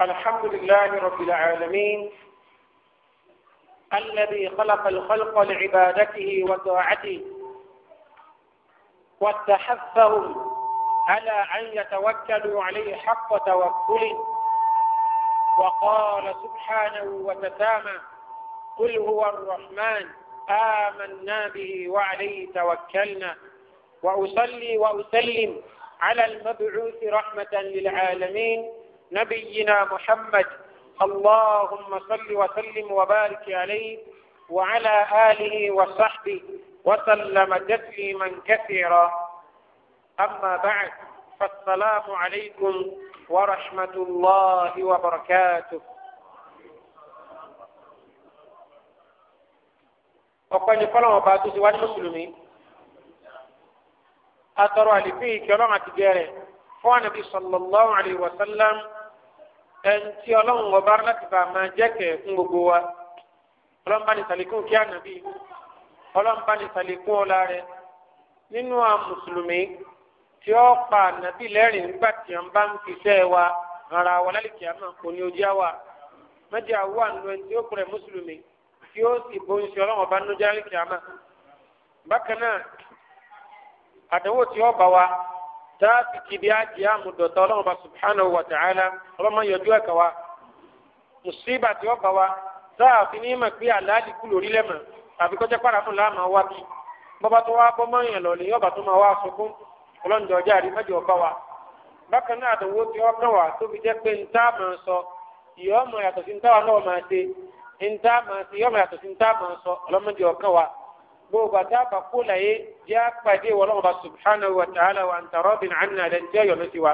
الحمد لله رب العالمين الذي خلق الخلق لعبادته وطاعته واتحثهم على أن يتوكلوا عليه حق توكله وقال سبحانه وتسامى قل هو الرحمن آمنا به وعليه توكلنا وأصلي وأسلم على المبعوث رحمة للعالمين نبينا محمد اللهم صل وسلم وبارك عليه وعلى آله وصحبه وسلم تسليما كثيرا أما بعد فالسلام عليكم ورحمة الله وبركاته ọ̀pẹ́ni fọlọ́wọ́ bá tó ti wá ní mùsùlùmí atọ́rọ̀ àlìfín ìkẹ́ ọlọ́run àti gẹ̀rẹ̀ fún ànàbí sallallahu alayhi ẹni tí ọlọ́run ọba láti bá máa jẹ́ kẹ̀ fún gbogbo wa ọlọ́run bá ní sàlékún kí ànábì ọlọ́run bá ní sàlékún ọlá rẹ nínú àwọn mùsùlùmí tí ó pa ànábì lẹ́rìn nígbà tí wọ́n bá ń fiṣẹ́ wa rárá wa lálẹ́kì àmọ́ kò ní ojú àwà mẹ́jọ àwọn àánú ẹni tí ó kúrẹ̀ mùsùlùmí tí ó sì bó ṣe ọlọ́run ọba lójú àlẹ́kì àmọ́ bákan náà àdánwò tí ó bá wa. táàfì kìdí àjẹ́ àmúdọ̀tọ̀ ọlọ́run bá subhanahu wa ta'ala ọlọ́mọ yọjú ẹ̀ka wa mùsíbà tí ó tàbí kọjá pàràfún láàmà wá bí bọ́bá tó wá bọ́ mọ́yìn lọ lè yọba tó máa wá sọkún ọlọ́njọ́ ọjà rí mẹ́jọ ọba wa bákan náà wa náà máa ṣe ntá máa bó bàtà bá kó la yé yá pàdé wọlọ́wọ́ bá subhanahu wa ta'ala wa ntàrọ́ bin anna lẹ́nu tí a yọ̀ lọ́sí wa.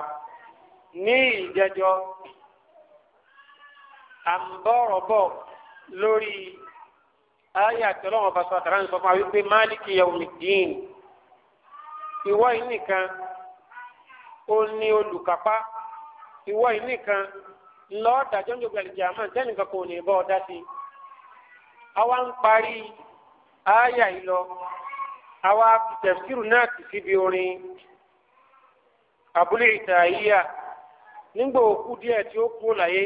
ní ìjẹjọ́ à ń bọ̀rọ̀ bọ̀ lórí ayé àtẹlọ́wọ́ bá sọ àtàrà ń sọ fún wa wípé máàlìkì yawmiddin ìwọ yìí nìkan ó ní olùkápá ìwọ yìí nìkan lọ́ọ́ dájọ́ ń jogbe kò ní bọ́ ọ dá sí i. àwa ń parí ááyà yìí lọ àwa tẹ̀síìrù náà ti síbi orin abúlé ìtàyíyà nígbà òkú díẹ̀ tí ó kú láyé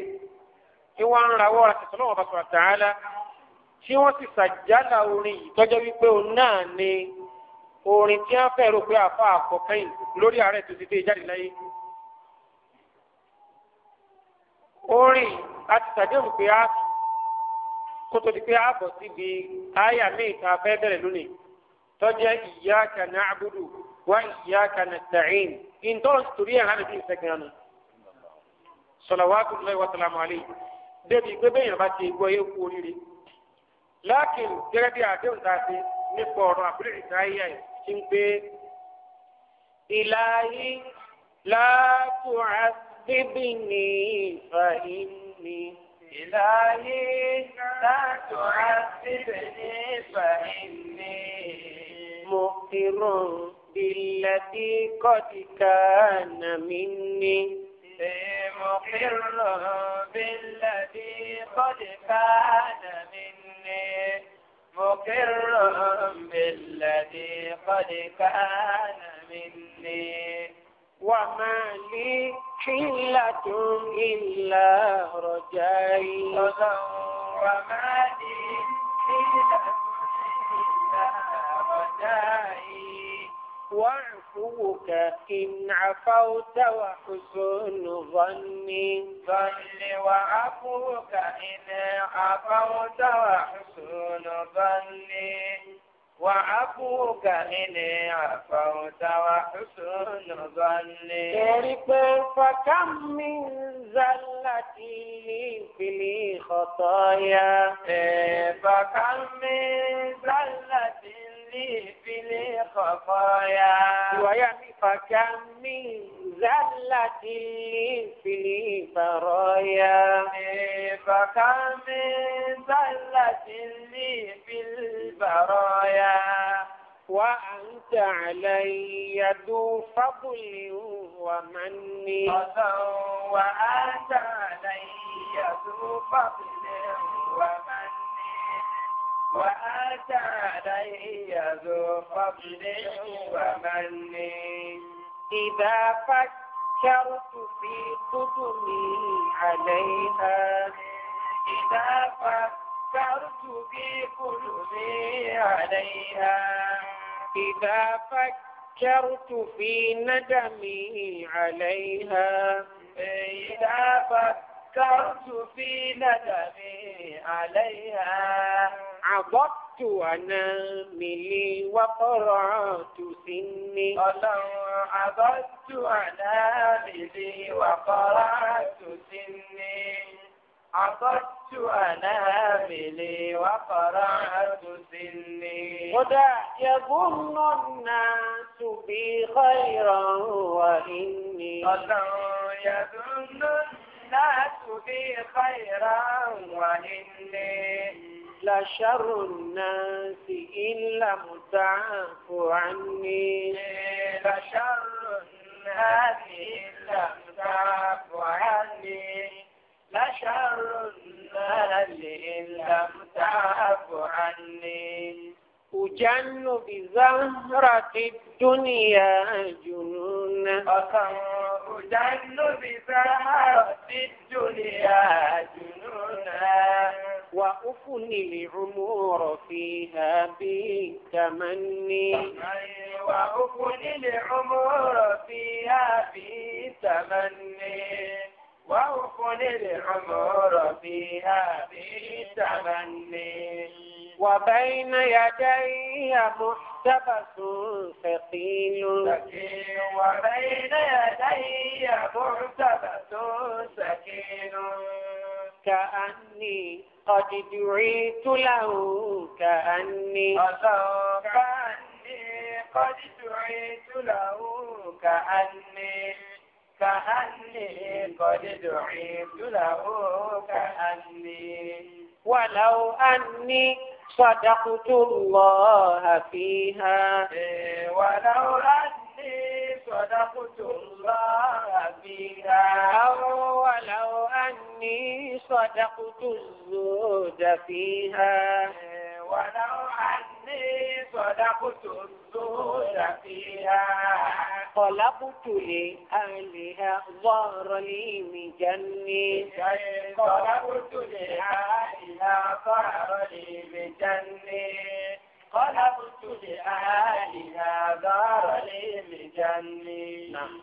tí wọ́n ń rawọ́ ra tẹ̀sán náà bàtà tààlà tí wọ́n sì ṣàjálà orin yìí tọ́jọ́ wípé òun náà ni orin tí wọ́n fẹ́ rò pé àfa àkọ́kẹ́yìn lórí ààrẹ tó ti dé jáde láyé. orin àti tàdéhùn pé a kótó di pé ààbọ̀ síbi àyà míì tá a fẹ́ bẹ̀rẹ̀ lónìí tọ́jẹ́ iyyaka na'budu wa iyyaka nasta'in ìtọ́rọ̀ torí ẹ̀ hánà bí n sẹ́gun ẹnu. salawatullahi wa salamu alayhi débi pé bẹ́ẹ̀ yẹn bá ti gbọ́ yẹ kú oríire. lákìn gẹ́gẹ́ bí àdéhùn tá a ṣe nípa ọ̀rọ̀ àbúrò ìdáyà ẹ̀ ti ń pé ilahi la tu'adhibni fa inni. إلهي لا تعذبني فإني مؤثر بالذي قد كان مني مقر بالذي قد كان مني مقر بالذي قد كان مني وما لي حيلة إلا رجائي وما لي حيلة إلا رجائي وعفوك إن عفوت وحسن ظني ظني وعفوك إن عفوت وحسن ظني وعفوك إني عفوت وحسن ظني ترك فكم من زلتي في الخطايا فكم من زلتي لي في الخفايا وكم من زلة لي في البرايا فكم من زلة لي في البرايا وأنت علي ذو فضل ومن وأنت علي ذو فضل ومن وأتى علي ذو فضل ومن إذا فكرت في قدمي عليها إذا فكرت في قدمي عليها إذا فكرت في ندمي عليها إذا فكرت في ندمي عليها àbọ̀tù àná mi lè wá kọ́rọ̀ tù sí ní. ọlọ́run àbọ̀tù àná mi lè wá kọ́rọ̀ tù sí ní. عقدت أناملي وقرعت سني هدى يظن الناس بي خيرا وإني قدر يظن الناس بي خيرا وإني لشر الناس إلا لم عني عني لشر الناس إلا لم عني عني لشر الناس إلا لم عني أجن بزهرة الدنيا جنون أجن بزهرة الدنيا جنونا وأفني العمر فيها بتمني وأفني العمر فيها بتمني وأفني العمر فيها بتمني وبين يدي محتبس ثقيل وبين يدي محتبس ثقيل كأني قد دعيت له كأني كأني قد دعيت له كأني كأني قد دعيت له كأني ولو أني صدقت الله فيها ولو أني صدقت الله الله ولو أني صدقت الزود فيها ولو أني صدقت الزود فيها طلبت لأهلها ظهر لي مجني طلبت لأهلها ظهر لي مجني طلبت لأهلها ظهر لي مجني نعم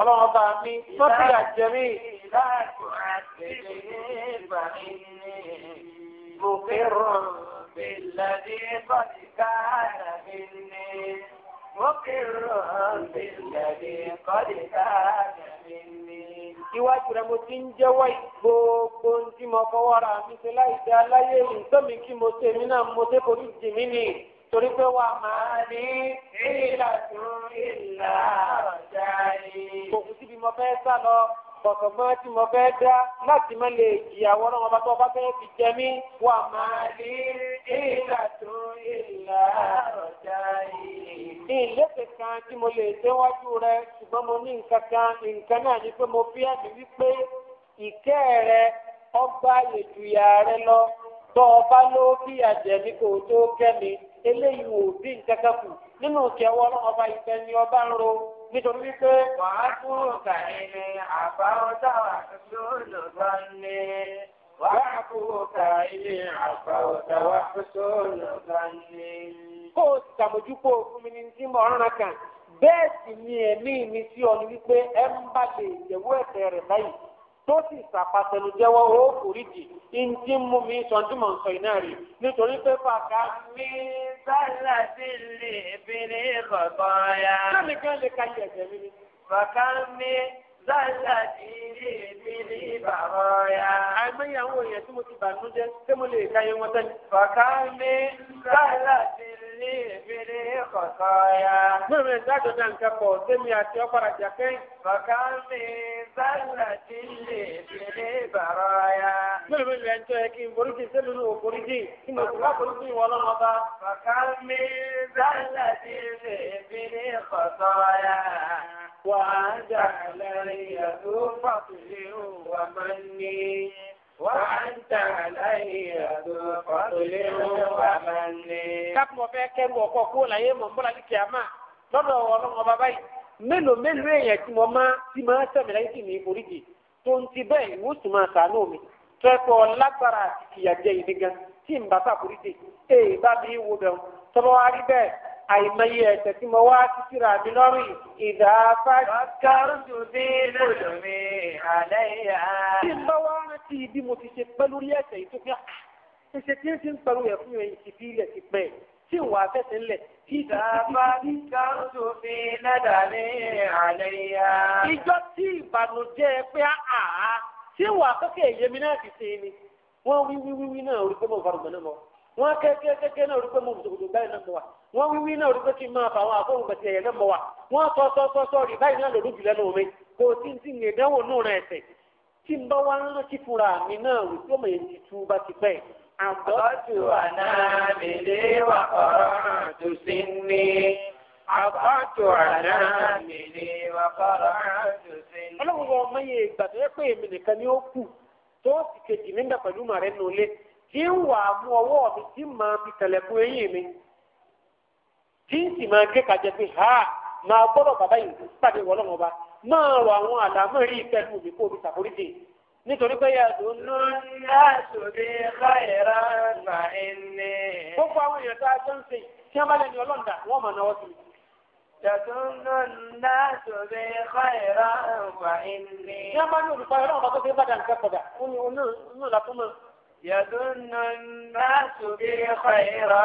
ọlọ́wọ́n bá mi sọ́tìyà jẹ̀mí. مقر بالذي قد كان مني مقر بالذي قد كان مني iwájú rẹ mo ti ń jẹ́wọ́ gbogbo ohun tí mo fọwọ́ ra mi ṣe láì dá láyé yìí kí mo ṣe mí náà mo ṣe kò ní jì mí nìyí torí pé wà máa ní ìlà tún ìlà ọ̀dà yìí. kò kú síbi mo fẹ́ sá lọ kọ̀sọ̀ mọ́ tí mo fẹ́ dá láti má lè jìyàwó náà wọn bá tó bá fẹ́ fi jẹ mí. wà máa ní ìlà tún ìlà ọ̀dà yìí. ní ìlẹ́sẹ̀ kan tí mo lè déwájú rẹ ṣùgbọ́n mo ní nǹkan kan nǹkan náà ni pé mo fi ẹ̀mí wípé ìkẹ́ rẹ ọgbà ìjùyà rẹ lọ tó o bá ló bí àjẹmí kò tó kẹ́mi. eléyìí ò bí nǹkankan kù nínú kẹwọ́ ọlọ́run ọba ìfẹ́ ni ọba ń ro nítorí wípé. wàá kúrò kàní ni àbáwọ́ táwa lóòlò bá ní. wàá ni ní. kó o sì ṣàmójúkó fún mi ní tí mo rán kan bẹ́ẹ̀ sì ni ẹ̀mí mi sí ọ ni wípé ẹ ń bá lè tó sì sàpàtẹnu jẹ́wọ́ ó foríjì ìdí mú mi sọdúnmọ nsọ iná rí nítorí pé fàkà. mi sálà sí lè bèrè kọ̀ọ̀kan ya. sẹ́mi kan lè ka yẹ ẹ̀jẹ̀ mi ni. fàkà mi sálà sí lè bèrè bàbá ya. àìmọye àwọn èèyàn tí mo ti bànújẹ́ ṣé mo lè ka yẹ wọn sẹ́ni. fàkà mi sálà sí lè ní ìfìdí kọ̀sọ́ ya. Mẹ́rin ìdájọ́ náà ń kẹ́kọ̀ọ́ Sẹ́mi àti ọ̀pára jàkẹ́. Bàbá mi sálà ti lè fìdí bàrọ̀ ya. Mẹ́rin ìlú ẹjọ́ yẹ kí n boríjì sẹ́mi ní òboríjì kí mo kúrò boríjì ìwọ lọ́nà bá. Bàbá mi sálà ti lè fìdí kọ̀sọ́ ya. Wàá jà lẹ́yìn ẹ̀dùn fàtúlẹ̀ òwà máa ń ní kápọ̀ fẹ́ kẹ́rù ọkọ̀ kó láyé mọ̀ mọ́ra ní kìámà lọ́dọ̀ ọlọ́run ọba báyìí mélòó mélòó èèyàn tí mo máa tí máa sẹ̀mí láyé tì mí oríjì tó ń ti bẹ́ẹ̀ ìwọ́n sì máa sàánú mi tẹ́kọ̀ lágbára àti kìyàjẹ́ yìí gan tí n bàtà oríjì èè bá mi wo bẹ̀rù tọ́lọ́ wá rí bẹ́ẹ̀ àìmọye ẹ̀ṣẹ̀ tí mo wá títìrà mi lọ́rùn ìdá fákàrùn-ún láti bí mo ti ṣe pẹ́ lórí ẹ̀sẹ̀ yìí tó fi hàn ṣẹṣẹ tí ń ṣe ń pẹ̀lú ẹ̀ fún yẹn ti fi ilẹ̀ ti pẹ́ tí wàá fẹsẹ̀ ńlẹ̀. ìdàbà nígbà tó fi nádà ní àlẹ́ yá. ìjọ tí ìbànújẹ́ pé àá tí wàá kọ́kẹ́ èyẹmí náà ti ṣe ni wọ́n wí wí wí náà orí pé mo fara mọ́ náà mọ́ wọn kẹkẹ kẹkẹ náà rí pé mo dòdò báyìí náà mọ wa wọn wíwí náà rí pé kí n máa fà wọn àfọwọn gbèsè ẹyẹ náà mọ wa wọn sọ sọ sọ sọ rí báyìí náà lòdù jùlọ náà mi kò tí ń ti ń gbẹdẹwò tí n bá wá ń rántí fúnra mi náà wò tí ó mọ̀ yẹn ti tú bá ti pẹ́. Àbọ̀tù àná mi lé wà ọ̀rọ̀ tó sí ní. Àbọ̀tù àná mi lé wà ọ̀rọ̀ tó sí ní. Ọlọ́run wọ ọmọ yẹn ìgbà tó yẹ pé èmi nìkan ni ó kù tó sì kejì nígbà pẹ̀lú màrẹ́ nulẹ̀ tí ń wà mú ọwọ́ mi tí ń máa fi tẹ̀lẹ̀kùn eyín mi tí ń sì máa gé kàjẹ́ pé ha máa gbọ́dọ̀ bàbá yìí pàdé wọlọ́mọba máa rọ àwọn àlámọ́ rí pẹ̀lú mi kó omi ṣàforíjì nítorí pé yàtọ̀ ń ná káyẹ̀rá nà ẹni. gbogbo àwọn èèyàn tá a jọ ń sè tí wọ́n bá lẹ́ni ọlọ́ǹda wọ́n máa náwó sí mi. yàtọ̀ ń ná káyẹ̀rá nà ẹni. tí wọ́n bá ní olùkọ́ ọlọ́run bá tó fi bàdà nǹkan kọ̀dà ó ní onú tó mọ̀. yàtọ̀ ń ná káyẹ̀rá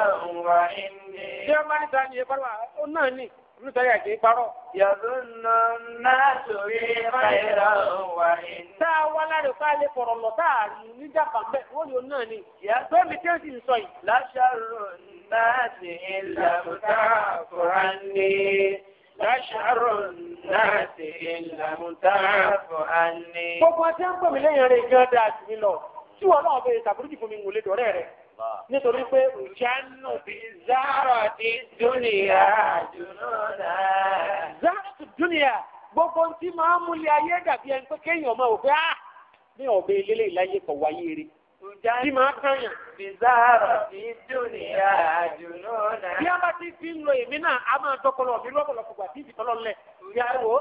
nà ẹni. tí wọ́n bá ní nítorí àti parọ́. yàtúndà náà sórí fàyẹ̀rọ wà ní. tá a wá láre fún alẹ́ fọ̀rọ̀ lọ tá a ní jàpá ń bẹ̀ wọ́n lè náà ni. yàtọ̀ mi tí ó sì ń sọ yìí. láṣàrò náà sì ń làbùtà fúránì. láṣàrò náà sì ń làbùtà fúránì. gbogbo ọtí ń pè mí lẹ́yìn rẹ̀ gan-an dáa sí mi lọ. tí wọn náà bẹ̀rẹ̀ tàbí nítorí pé ìjánu bí zara ti dúnìyà jùlọ́dà. zara ti dúnìyà gbogbo ntí máa ń múlẹ̀ ayé dàbí ẹni pé kéèyàn ọmọ òfé á ní ọ̀bẹ ilé ìláyé kọ̀ wáyé rí. Tí máa kàyàn. Bìzáàrò ti dúnìyà jùlọ́nà. Bí a bá ti fi ń lo èmi náà, a máa dọ́kọlọ mi lọ́pọ̀lọpọ̀ gbà tí ìfi tọ́lọ́ lẹ̀. Ìyàwó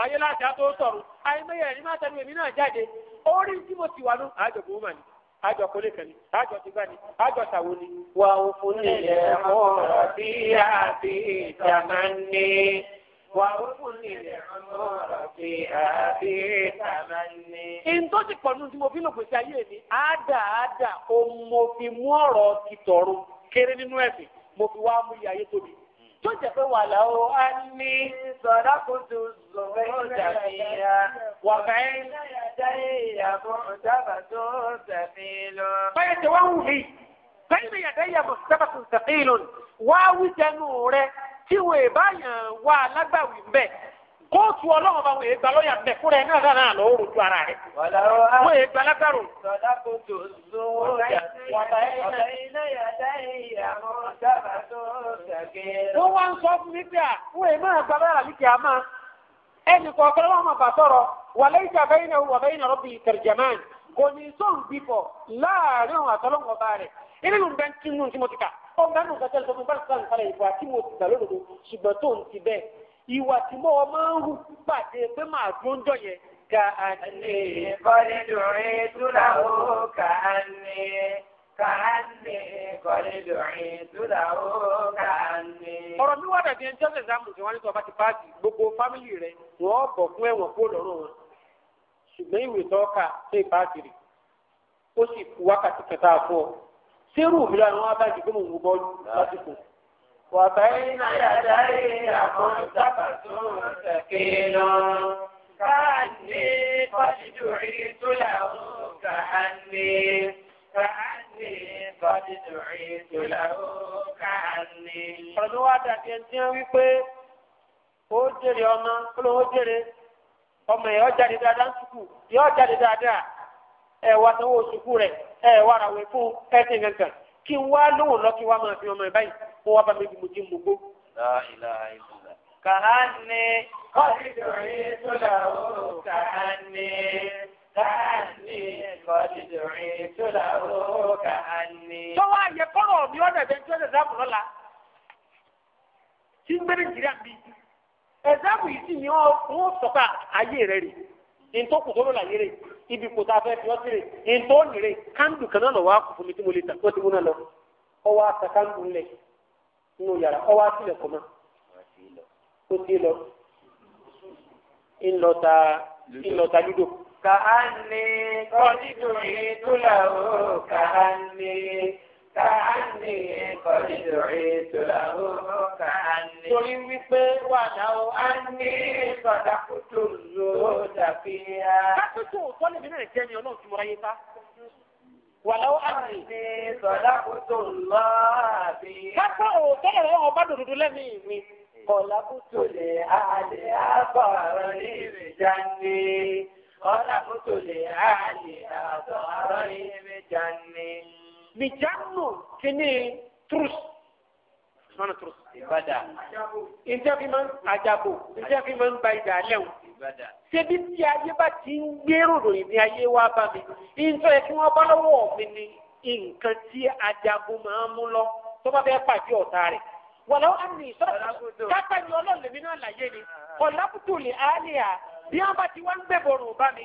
Ayé láti sọ̀rọ̀. Ayé mẹ́yẹ̀ tẹnu èmi náà jáde. orí tí mo ti wà ló àjọ kò wúmà ni àjọ kò lè kàn ní àjọ ti gbà ní àjọ tàwo ni. wà ó fún ilẹ̀ ọ̀rọ̀ bí àbí ìjàmá ní. wà ó fún ilẹ̀ ọ̀rọ̀ bí àbí ìjàmá ní. ìntó ti pọ̀ nù tí mo fi lò pèsè ayé mi àdà àdà òun mo fi mú ọ̀rọ̀ ti tọ̀run kéré nínú ẹ̀sìn mo fi wá mú iye ayé tóbi tó jẹ́ pé wà láwo á ní sọ̀dá kò tó zòwé ìjàmíyàn wà káyé dáyé ìyàbọ̀ dábà tó tẹ̀mí lọ. báyọ̀ tí wọ́n wù mí báyọ̀ yàtọ̀ ìyàbọ̀ dábà tó tẹ̀mí lọ wá wí jẹnu rẹ tí wọ́n ì kóòtù ọlọ́run bá wọ ègbà lọ́ọ̀yà bẹ̀ fúnra ẹ̀ náà náà lọ́wọ́ rojú ara rẹ̀ wọ́n ègbà lágbàrò. wọ́n wá ń sọ fún mi pé à wọ́n èèmọ̀ àgbà lára mi kì á máa ẹnì kọ̀ọ̀kan lọ́wọ́ máa bà sọ̀rọ̀ wà lẹ́yìn tí a bẹ́yìn náà wà bẹ́yìn náà rọ́bì tẹ̀rẹ̀jẹ̀mán kò ní sóun bífọ̀ láàrin àwọn àtọ́lọ́wọ́ bá rẹ̀ ilé ló ń bẹ́ ń tún nù tí mo ti kà ó ń bẹ́ ń nù kẹ́kẹ́ lọ́sọ̀rọ̀ bá ń sọ̀rọ̀ ìfọ̀ àti mo ti gbà lódodo ṣùgbọ́n tóun ti bẹ́ẹ̀ ìwà tí mo máa ń hù pàdé pé màá dúró jọ yẹn ka àní. kọ́lídùnrin túláwó ka àní. ka àní kọ́lídùnrin túláwó ka àní. ọ̀rọ̀ mi wá dàbí ẹni jọ́sẹ̀ sáàmù tí wọ́n ní sọ bá ti páàkì gbogbo fámìlì rẹ̀ wọ́n bọ̀ fún ẹ̀wọ̀n kó lọ́rùn wọn ṣùgbọ́n ìwé tọ́ka ṣe páàkì rẹ̀ ó sì wákàtí kẹta fún ọ. bá وبين يدي منتبة ثقيل كأني قد دعيت له كأني كأني قد دعيت له كأني فلو أتكلم ويقول ó jèrè ọmọ olówó jèrè ọmọ ẹ ọjàde dáadáa ń sukù yọ ọjàde dáadáa ẹ wá sanwó sukù rẹ ẹ wá ra wẹ fún ẹ tẹ nǹkan kí n wá lóhùn lọ kí n wá máa fi ọmọ ẹ báyìí kó wá bá mi bí mo jí mo gbó. kàhání. kọ́ọ̀tì dòrí tó là ó kàhání. kàhání kọ́ọ̀tì dòrí tó là ó kàhání. tó wá yẹ kọ́rọ̀ mi ọ̀dọ̀ ẹ̀bẹ̀ tí ó ṣe dáàbò lọ́la. tí ń gbé nàìjíríà bí ẹ̀dáàbò yìí sì ni wọ́n sọ pé ayé rẹ̀ rè ntọ́ kòtò ló la yére ibi kòtò afẹ́ fi ọtí rè ntọ́ nìre kandu kan náà lọ wá kò fún mi tí mo lè ta kó tí mo náà lọ ọ wá ta kandu lẹ̀ nínú yàrá ọwọ́ àtìlẹ̀ kọ́ mọ́ kó tí lọ ńlọta ńlọta lúdò. kàánì kọ́dídù ìtúlà ó kàánì kàánì kọ́dídù ìtúlà ó kàánì. torí wípé wàdà ó á ní sọ̀dà kótó ló dàbí ya. ká tó tó òótọ́ lè náà jẹ́ ni ọlọ́run ti mọ ayé bá wàláwó àmì. sọ̀dákùtò lọ́ọ́ àbí. kápá ò bẹ́ẹ̀rẹ̀ wọn bá dòdòdó lẹ́mìí mi. kọ̀lákùtò lè àlè àbọ̀rọ̀ ní ìrìnjà ni. kọ̀lákùtò lè àlè àbọ̀rọ̀ ní ìrìnjà ni. nìjánu kìíní trus sọ́nà trus ìbàdàn. ìjẹ́ fi àjàbò ìjẹ́ fi ń ba ìdàlẹ́wò ṣebí tí ayé bá ti ń gbèrò ròyìn ní ayé wa bá mi nítorí kí wọ́n bá lọ́wọ́ mi ni nǹkan tí ajagun máa ń mú lọ tó bá fẹ́ pàdé ọ̀tá rẹ̀ wọ̀lọ́ àmì ìṣọ́ọ̀tà kápá ni ọlọ́ọ̀lẹ́mí náà láyé ni ọ̀làkùtù lè áálì à bí wọ́n bá ti wá ń gbẹ̀bọ̀rùn bá mi.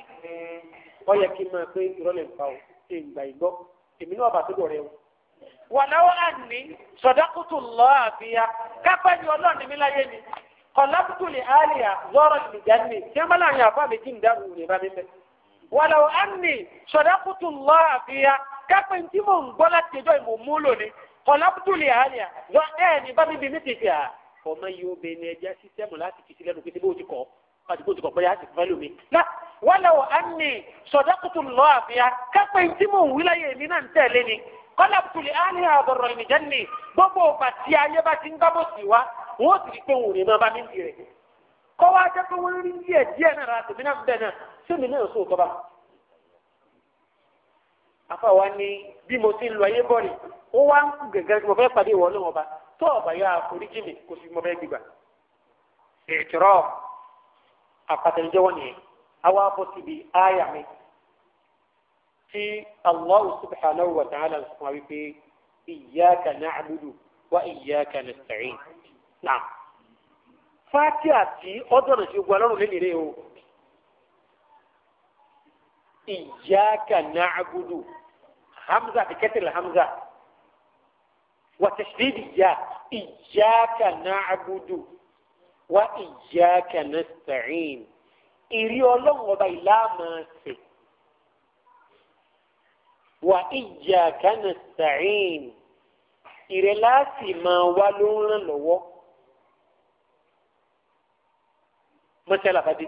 ó yẹ kí n máa pé ìrọ̀lẹ́ ń o ṣe ń gbà ìgbọ́ èmi náà bá tó rẹ o. wọ̀lọ́ àmì ìṣọ́dọ̀kùtù lọ́ọ́ àbíyá kápá ni ọlọ́ọ̀lẹ́mí láyé ni kọlábùtù lè àlìyà zọrọ ìjànnì tí wọn bá láàyè àfa méjì ń dárò rè bá mi bẹ. wàlọ́ àmì sọ̀dákùtù lọ́ àfihàn kápẹ́ tí mò ń gbọ́ láti ẹjọ́ ìmọ̀ mú lónìí kọlábùtù lè àlìyà zọ ẹ̀ ní bá mi bí mi ti fi à. ọmọ yìí ó bẹ ní ẹja sísẹ́mù láti fi sílẹ̀ nù pé síbí ó ti kọ́ láti kó ti kọ̀ bóyá ti fẹ́ lómi. na wàlọ́ àmì sọ̀dákùtù lọ́ àfihàn kápẹ́ tí mò ń wí láyé mi náà ń tẹ̀lé ni kọlábùtù lè àlìyà zọrọ ìjànnì gbogbo pàtí ayé bá ti ń gbọ́ wọ́n sì rí pé òun rè máa bá mi ń di rẹ̀ kọ́ wá jẹ́ pé wọ́n rí díẹ̀ díẹ̀ náà láti mi náà bẹ́ẹ̀ náà ṣé mi náà sóòótọ́ bá. afa wa ni bí mo ti ń lọ ayé bọ́ọ̀lì ó wá ń kú gẹ̀gẹ́ mo fẹ́ pàdé ìwọ ọlọ́wọ́n ba tó ọ̀bà yà àforíjì mi kò sí mo fẹ́ gbígbà. ètùrọ̀ àpàtẹnijẹ́wọ́ nìyẹn awa bọ́ síbi áyà mi tí Allah subhanahu wa ta'ala sọ wípé iyyaka na'budu wa iyyaka nasta'in nà fati àti ọdọọdọ ti gbọ Ọlọ́run lẹni rẹ o iyyaka na'budu hamza bi katil hamza wa tashdidi ya iyyaka na'budu wa iyyaka nasta'in ìrí Ọlọ́run ọba ìlànà ṣe wa iyyaka nasta'in ìrẹ láti máa wá ló ń ràn lọ́wọ́. mọ́sálà bá dé.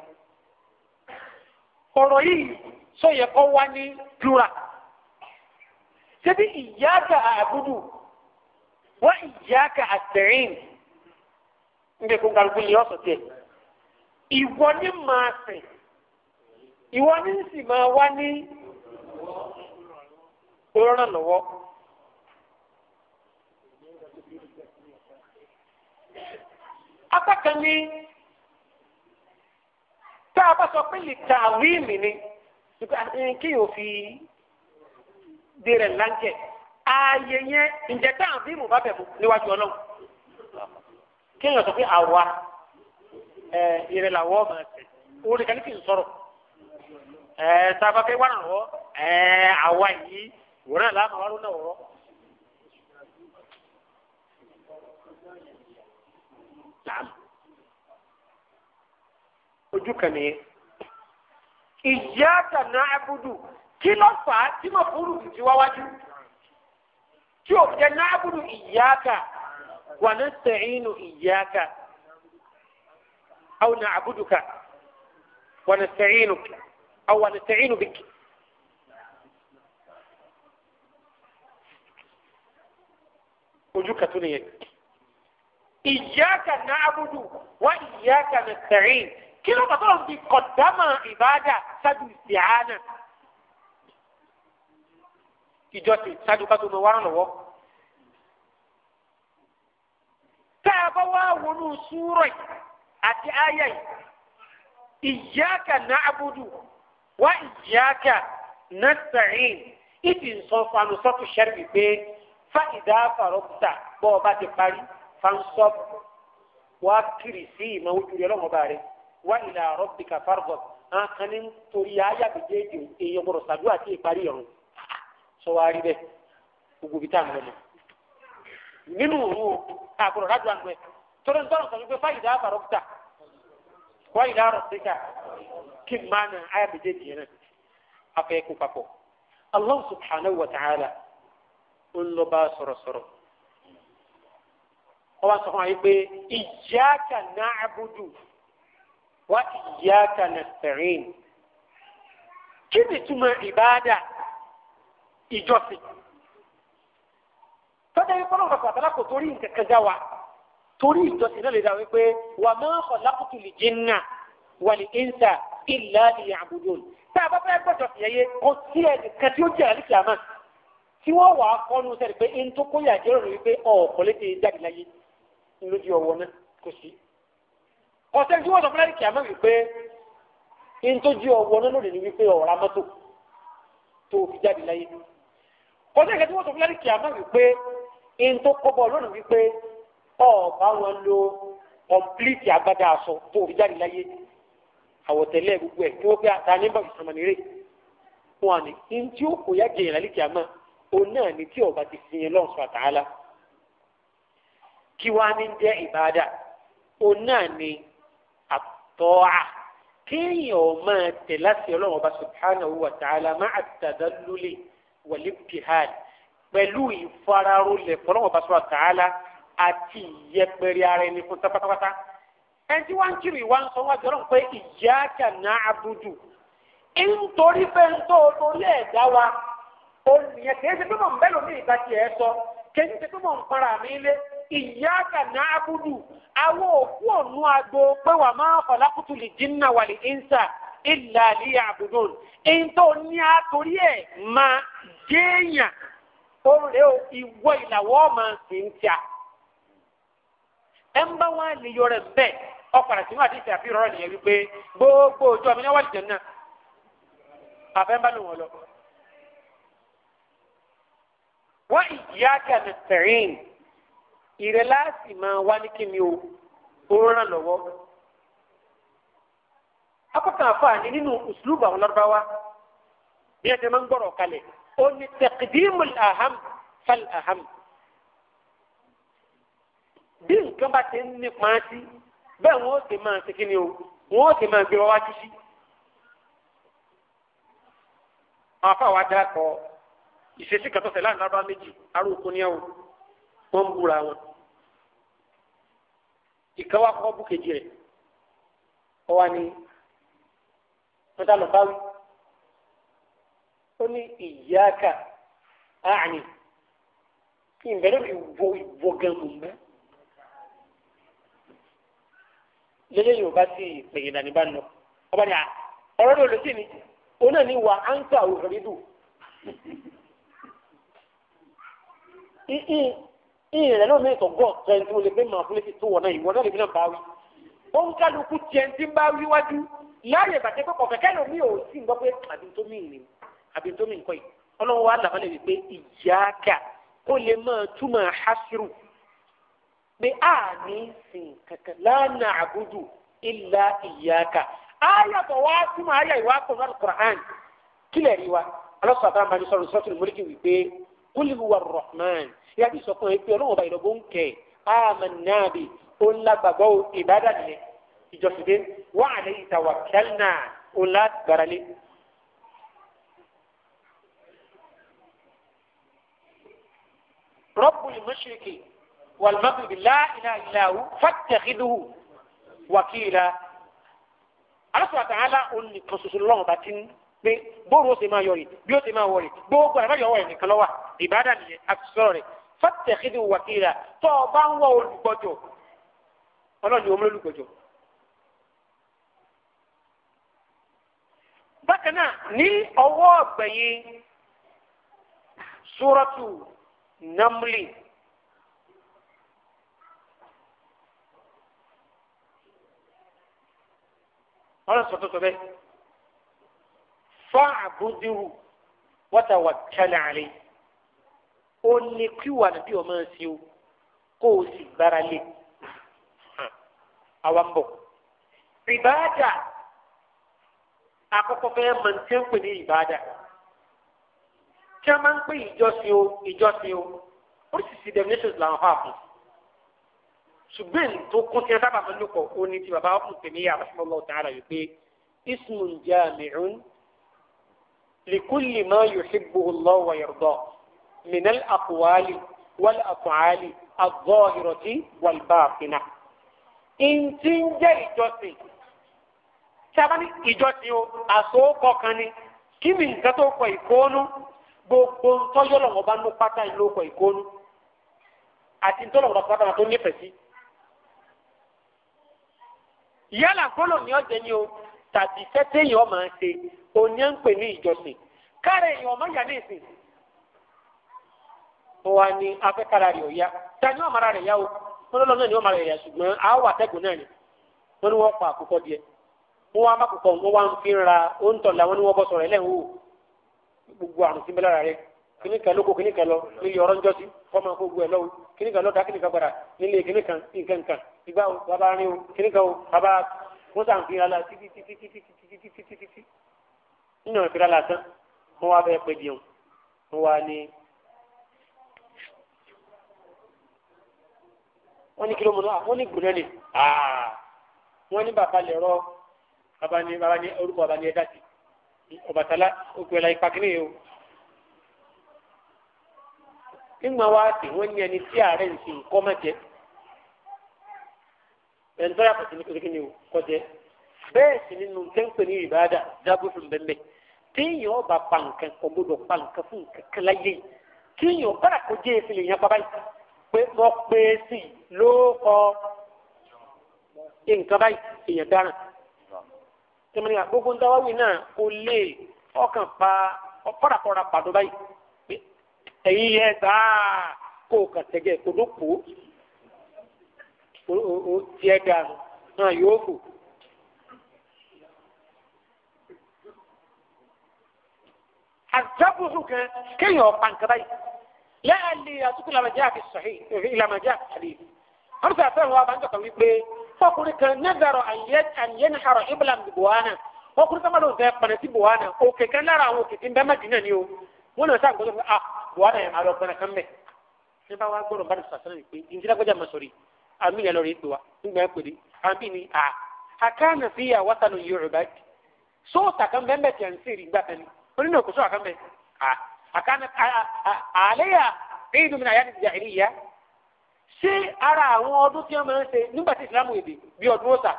ọ̀rọ̀ yìí sọ̀yẹ̀ kọ́ wá ní dúra. ṣebí iyyaka a'budu wa iyyaka asta'in ndé kó kálukú yìí ọ̀sọ̀ tiẹ̀. ìwọ ni màá sìn ìwọ ni sì máa wá ní ìrànlọ́wọ́. apá kan ní. tá a bá sọ pé lè ta àwíìmì ni fi dé rẹ̀ láńkẹ̀ ààyè yẹn ǹjẹ́ tá bá bẹ̀ níwájú ọlọ́run kéèyàn sọ pé àwa ìrẹ̀ ma ọmọ orí kan kì í sọ̀rọ̀ tá a fẹ́ àwa yìí náà ojú kan nìyẹn. ìyáàkà náà abudu kí ló fà á tí mo fúru títí wáwájú tí o jẹ náà abudu ìyáàkà wà ní sẹ́yìnù ìyáàkà àwọn abudu ká wà ní sẹ́yìnù àwọn wà ní sẹ́yìnù bìkì. ojú kan tó nìyẹn. ìyáàkà náà abudu wà ìyáàkà náà sẹ́yìnù kí ló bàtọ́ lọ́n fi kọ̀dámà ìbáàdà ṣáájú ìsìáánà ìjọsìn ṣáájú ká tó mọ wá lọ́wọ́. tá a bá wá wọnú súrọ̀ yìí àti àyà yìí ìyáàkà na'budu wá ìyáàkà nasta'in ìdí nsọ́fanu sọ́tù sẹ́rìbì pé fáìdá fàrọ́kùtà bọ́ọ̀ bá ti parí fansọ́ọ̀bù wá kiri sí ìmọ̀ ojú rẹ̀ lọ́mọba rẹ̀. wa ìlà rọ́bìkà fárgọ̀ àwọn kan ní torí ayé àbíjẹ́jì èèyàn gbọ́dọ̀ ṣàdúrà tí ìparí ọ̀run sọ wá rí bẹ́ẹ̀ gbogbo ibi tá à ń lọ nù. nínú òru o àbúrò rájò Wa na Allah subhanahu wa ta'ala na'budu wa iyyaka nasta'in kí ni túmọ̀ ìbáàdà ìjọsìn tọ́jà yìí kọ́nà ọ̀sán àtàlà kò torí nǹkan kan dá wa torí ìjọsìn náà lè dá wípé wa ma khalaqtul jinna wal insa illa liya'budun tá a bá fẹ́ gbọ́dọ̀ fi ẹyẹ kó sí ẹ̀ tí ó jẹ́ àlìkí àmà tí wọ́n wàá kọ́nu sẹ́ni pé ń tó kóyà jẹ́rọ̀ rẹ̀ wípé ọ̀ọ́kọ́ lè ti jáde láyé lójú ọwọ́ náà kò sí. ọ̀sẹ̀ tí wọ́n sọ fún láìkí àmọ́ wípé n tó jí ọwọ́ náà lónìí ni wípé ọ̀rá mọ́tò tó fi jáde láyé ọ̀sẹ̀ tí wọ́n sọ fún láìkí àmọ́ wípé n tó kọ́bọ̀ lónìí wípé wọn lo kọ̀m̀plìtì agbada aṣọ tó fi jáde láyé àwọ̀tẹ́lẹ̀ gbogbo ẹ̀ kí wọ́n pé àtàní bá wọn ni tí ó kò yá tọ́ọ̀à kéèyàn ò máa tẹ̀ láti ọlọ́run ta'ala ma'a tadalluli wal-ibtihal ọba subhanahu wa ta'ala àti a ara ẹni fún tápátápátá ẹni tí wọ́n ń kiri ìwà ń sọ wájú ọlọ́run pé iyyaka na'budu nítorí pé ń ìyáàkà na abúlù àwọn òkú ònú agbo pé wà máa khalaqtu lil jinna wal insa illa liya'budun èyí tó ní àtòrí ẹ̀ máa géèyàn tó rẹ̀ ìwọ ìlàwọ́ máa sì ń tíà ẹ̀ ọkpara gbogbo ìrẹ láti máa wá ní kíni o ó ràn lọ́wọ́. akọ́kàn àfààní nínú ìsúlùbù àwọn lọ́rọ́báwá bí ẹ ti máa ń gbọ́rọ̀ kalẹ̀ ó ní tẹ̀kídìmù àhám fal àhám. bí nǹkan bá ti ń nípa sí bẹ́ẹ̀ wọ́n ó ti máa ṣe kíni o wọ́n ó ti máa gbé wá títí. àwọn afáwa dáa kọ ìṣesí kan tó tẹ̀lé méjì arúgbó ní ẹ̀wọ̀n wọ́n ń búra wọn ìkan wá kọ́ búkejì rẹ̀ ọ wá ní mọ́tà lọ báwí ó ní ìyáàkà àárín kí n bẹ̀rẹ̀ ìwọ ìwọ gan mọ̀ mẹ́. lẹ́yìn yorùbá sì pèyìn dání bá lọ ọba ní à ọ̀rọ̀ ló lọ sí ni òun náà ní wà á ń kà òfin dùn ìrẹ̀ náà mi ìtọ̀gọ́ kan tí mo lè fẹ́ máa fún létí tó wọ̀ náà ìwọ náà lè fi náà bá wí. ó ń kálukú tiẹ̀ ń ti bá wí wájú láàyè bàtẹ́ pé kọ̀fẹ́ kẹ́lò mi ò sì ń gbọ́ pé àbí tó mi ìrìn àbí tó mi nǹkan yìí ọlọ́run wa làbálẹ̀ wípé ìyáàkà kó lè máa túmọ̀ hasiru pé a ní sìn kankan lánà àbújù ìlà ìyáàkà ayàtọ̀ wá túmọ̀ ayà ìwà kọ̀ọ̀nù kílẹ̀ rí wa alọ́sọ̀ àbámu kúlì wà rọ̀hmán ìyá ti sọ fún ẹ pé ọlọ́run ọba ìlọ́gbọ́n ń kẹ́ àmànàbì ó ń lágbàgbọ́ ìbádà nílẹ̀ ìjọsìndé wà àlẹ́ ìtawà kẹ́lnà ó ń lágbàrálé. rọ́pù ìmọ̀ṣẹ́kì wàlmọ́gbìbì láìláà ìlàwù fàtẹ̀kídùú wàkìlà alásùwàtà ńlá òun nìkan ṣoṣo lọ́wọ́ bá ti ń pé bóòrò ó sì máa yọrì bí ó sì máa wọrì gbogbo àbáyọwọ ẹ̀ nìkan lọ́wọ́ ìbádà nìyẹn àtúnṣọ́rọ̀ rẹ̀ fàtẹ̀kìdì wàkìlà tó o bá ń wọ olùgbọ́jọ ọlọ́run òun olùgbọ́jọ. bákan náà ní ọwọ́ ọ̀gbẹ̀yìn súrọ́tù námúlì. ọlọ́run bẹ́ẹ̀ fa'buduhu wa tawakkal alayhi ó ní kí wà níbí ọmọ ẹsẹ o kó o sì gbára lé àwa ń bọ̀. ìbáàdà àkọ́kọ́ fẹ́ mọ̀ tí ń pè ní ìbáàdà tí a máa ń pè ìjọsìn o ìjọsìn o oríṣiríṣi definitions làwọn fà fún ṣùgbọ́n tó kún tí a sábà máa ń lò pọ̀ ó ní ti bàbá ọkùnrin tèmi yà àbáṣọ́ lọ́wọ́ tààrà wípé ismun jami'un. لكل ما يحبه الله ويرضاه من الأقوال والأفعال الظاهرة والباطنة إن تنجا إجوتي sábàní ìjọsìn o àsòókọ kan ni kí mi nǹkan tó kọ ìkóónú gbogbo ntọ́jọ́ lọ́wọ́ bá ní pátá ìlú kọ ìkóónú àti ntọ́lọ̀ wọ́n pátá tó nífẹ̀ẹ́ sí. yálà gbọ́dọ̀ ní ọ̀jẹ̀ ni o tàbí sẹ́tẹ̀ yìí ọmọ ṣe oní ń pè ní ìjọsìn kárẹ̀ yìí ọmọ yà ní ìsìn. wọ́n wá ní afẹ́kára rẹ̀ ọ̀yá ọmọ o ní ọmọ ara rẹ̀ yá ṣùgbọ́n náà ni ní wọ́n pa àkókò díẹ̀ wọ́n wá mákòókò wá ń fi ní o gbogbo àrùn sí mẹ́lára rẹ̀ kini kan lóko kini kan lọ ní yọrọ ń kọ́mọ kó gbogbo lọ́wọ́ kan wọ́n sàn fi ala títí títí títí títí títí títí títí nínú ìfira lásán wọ́n wá bẹ́ẹ̀ pé jẹun wọ́n wá ní. wọ́n ní kílómù náà wọ́n ní gbòòrò ni wọ́n ní bàbá lè rọ bàbá ní bàbá ní orúkọ bàbá ní ẹ̀dá sí Ọbàtálá òkú ẹ̀la ipa kìíní o. nígbà wá sí wọ́n ní ẹni tí ààrẹ ń sin ẹni tó yàtọ̀ sí ní kékeré ni o kọjẹ́ bẹ́ẹ̀ sì nínú tẹ́ńpẹ́ ní ìbáadà dábò fún bẹ́ẹ̀ téèyàn ọba pa nǹkan kò gbọdọ̀ pa nǹkan fún nǹkan kan láyé téèyàn bára kó jẹ́ ìfìlẹ̀ yẹn bàbá yìí pé mo pé sí ló kọ nǹkan báyìí èèyàn dáràn tẹmẹ́rin àgbógun dáwáwì náà kò lè ọkàn pa ọ̀pọ̀ràpọ̀rà pàdó báyìí pé ẹ̀yin yẹ gbàá kó o kà tẹ̀gẹ̀ kó o dó kó o ó tiẹ̀ dànù náà yóò kù. àjọpọ̀sùn kan kéèyàn ọ̀pá nǹkan báyìí lẹ́ẹ̀lì àtúkù làmàjá àfi sọ̀hí ìlàmàjá eh, àfi hamsa fẹ́ràn wa bàjọ́ kan wípé fọkùnrin kan nẹ́gbàrọ̀ àyẹ́nì àrọ̀ iblam buwana fọkùnrin kan bá lóun fẹ́ pẹ̀lẹ́ sí buwana òkè kan lára àwọn òkè tí ń bẹ́ Mẹ́dínà ni o wọn náà sáà gbọ́dọ̀ fún ah buwana yẹn àlọ́ pẹ̀lẹ́ kan mẹ́ ní bá gbọ́dọ̀ bá àmì yẹn lórí ìpèwà nígbà yẹn pèlè àmì ni à àkànnà sí àwọ̀tánù yorùbá sóòtà kan bẹ́ẹ̀ bẹ́ẹ̀ tiẹ̀ ń sèrè ìgbà kan ní onínà kò sóòtà kan bẹ́ẹ̀ à àkànnà àléyà ẹ̀yìn domina ayé ti jàìlì yá ṣé ara àwọn ọdún tí wọ́n máa ń ṣe nígbà tí ìsìlámù èdè bí ọdún ọ̀sà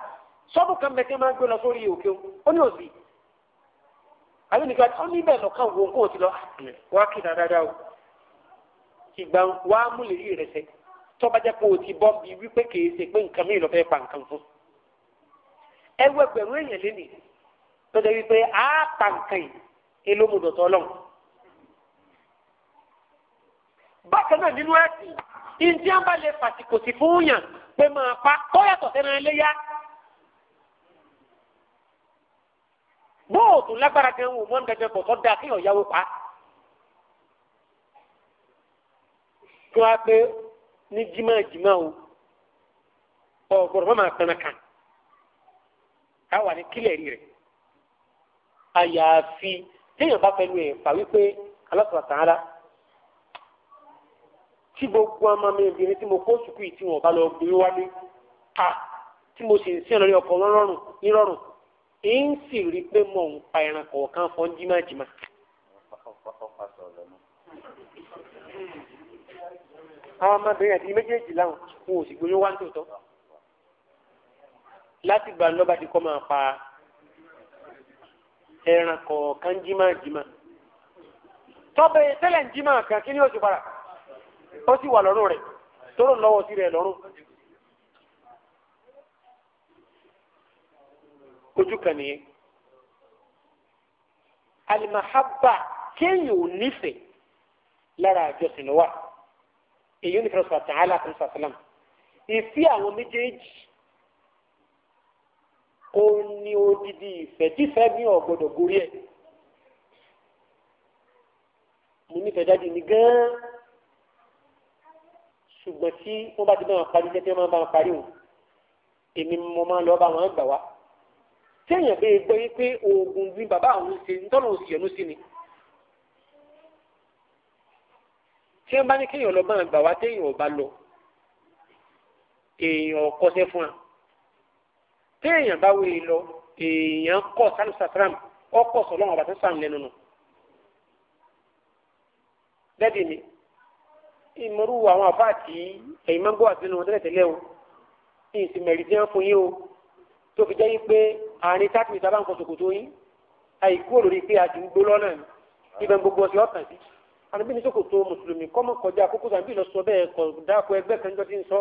sọ́dún kan bẹ́ẹ̀ tí wọ́n máa ń gbé lọ sórí òkè ó ní òsì àbí nìkan ó ní bẹ́ẹ̀ lọ́kàn wo nǹkan ò ti lọ wá kí o ìgbà wa múlẹ̀ yìí tọ́ba jẹ́ pé o ti bọ́ bí wípé kìí ṣe pé nǹkan mi lọ́fẹ́ pa nǹkan fún. ẹ wọ ẹgbẹ̀rún èèyàn lẹ́nìí tọ́jà wípé a pa nǹkan yìí elómùdọ̀tọ̀ ọlọ́run. bákan náà nínú ẹ̀sìn ìdí àbá lè fàsìkò sí fún yàn pé máa pa tọ́yàtọ̀ sẹ́ran ẹlẹ́yà. bóòtù lágbára gan wò mọ́ nǹkan bọ̀ tọ́ da kéèyàn yáwó pa. kí wọ́n á pé ní jimajima o ọ gbọdọ má máa pẹnà kan ka wà ní kílẹ̀rì rẹ̀ àyàfi téèyàn bá pẹ̀lú ẹ̀ fà wípé alásùwà sàárà tí gbogbo ọmọ mi obìnrin tí mo kó sùkúù tí wọn bá lọ gbé wálé ta tí mo sì ń ọkọ̀ lọ́rùn nírọ̀rùn ń sì àwọn ọmọbìnrin àti méjèèjì láwọn wọn ò sì gbóyún wá ń tòótọ́ láti gbà lọ́ba ti kọ́ máa pa ẹran kọ̀ọ̀kan jímàjímà tọ́bẹ̀ tẹ́lẹ̀ ń jímà kan kí ni ó para ó sì wà lọ́rùn rẹ̀ tóró lọ́wọ́ sí rẹ̀ lọ́rùn. ojú kan nìyẹn alimahaba kéèyàn ò nífẹ̀ẹ́ lára àjọsìn lọ́wọ́ èyí ní fẹrẹ sọ̀rọ̀ tàhálà fún sàfìlám ìfí àwọn méjèèjì ó ní odidi ìfẹ́ tífẹ mi ò gbọ́dọ̀ gorí ẹ mo nífẹ̀ẹ́ jáde ní gán ṣùgbọ́n tí wọ́n bá ti bá wọn parí jẹ́ tí wọ́n máa bá wọn parí òun èmi mo máa ń lọ bá wọn gbà wá téèyàn bẹ́ẹ̀ gbọ́ yí pé oògùn ní bàbá àwọn ṣe ń tọ́nà òsì ẹnu sí ni. tí wọ́n bá ní kéèyàn lọ máa gbà wá téèyàn ò bá lọ èèyàn kọsẹ̀ fún wa téèyàn bá wí lọ èèyàn kọ sálùsàtàràm ọkọ sọlọ́wọ́n àbàtà sàm lẹ́nu nù. dẹ́bi mi ìmọ̀rú àwọn àfáàtì ẹ̀yìn máa ń gbọ́ àtìlẹ́nu wọn tẹ́lẹ̀ o ìsì mẹ̀rì tí wọ́n fún yín o tó fi jẹ́ yín pé àárín táàtì ìta bá ń kọ ṣòkòtò yín àìkú òlòrí pé a ti ń gbó gbogbo ọ̀sẹ̀ ọ̀tàn sí àdàbí ní sòkòtò mùsùlùmí kọ́mọ kọjá kókó sàbí lọ sọ bẹ́ẹ̀ kọ̀ dáko ẹgbẹ́ kan jọ ti ń sọ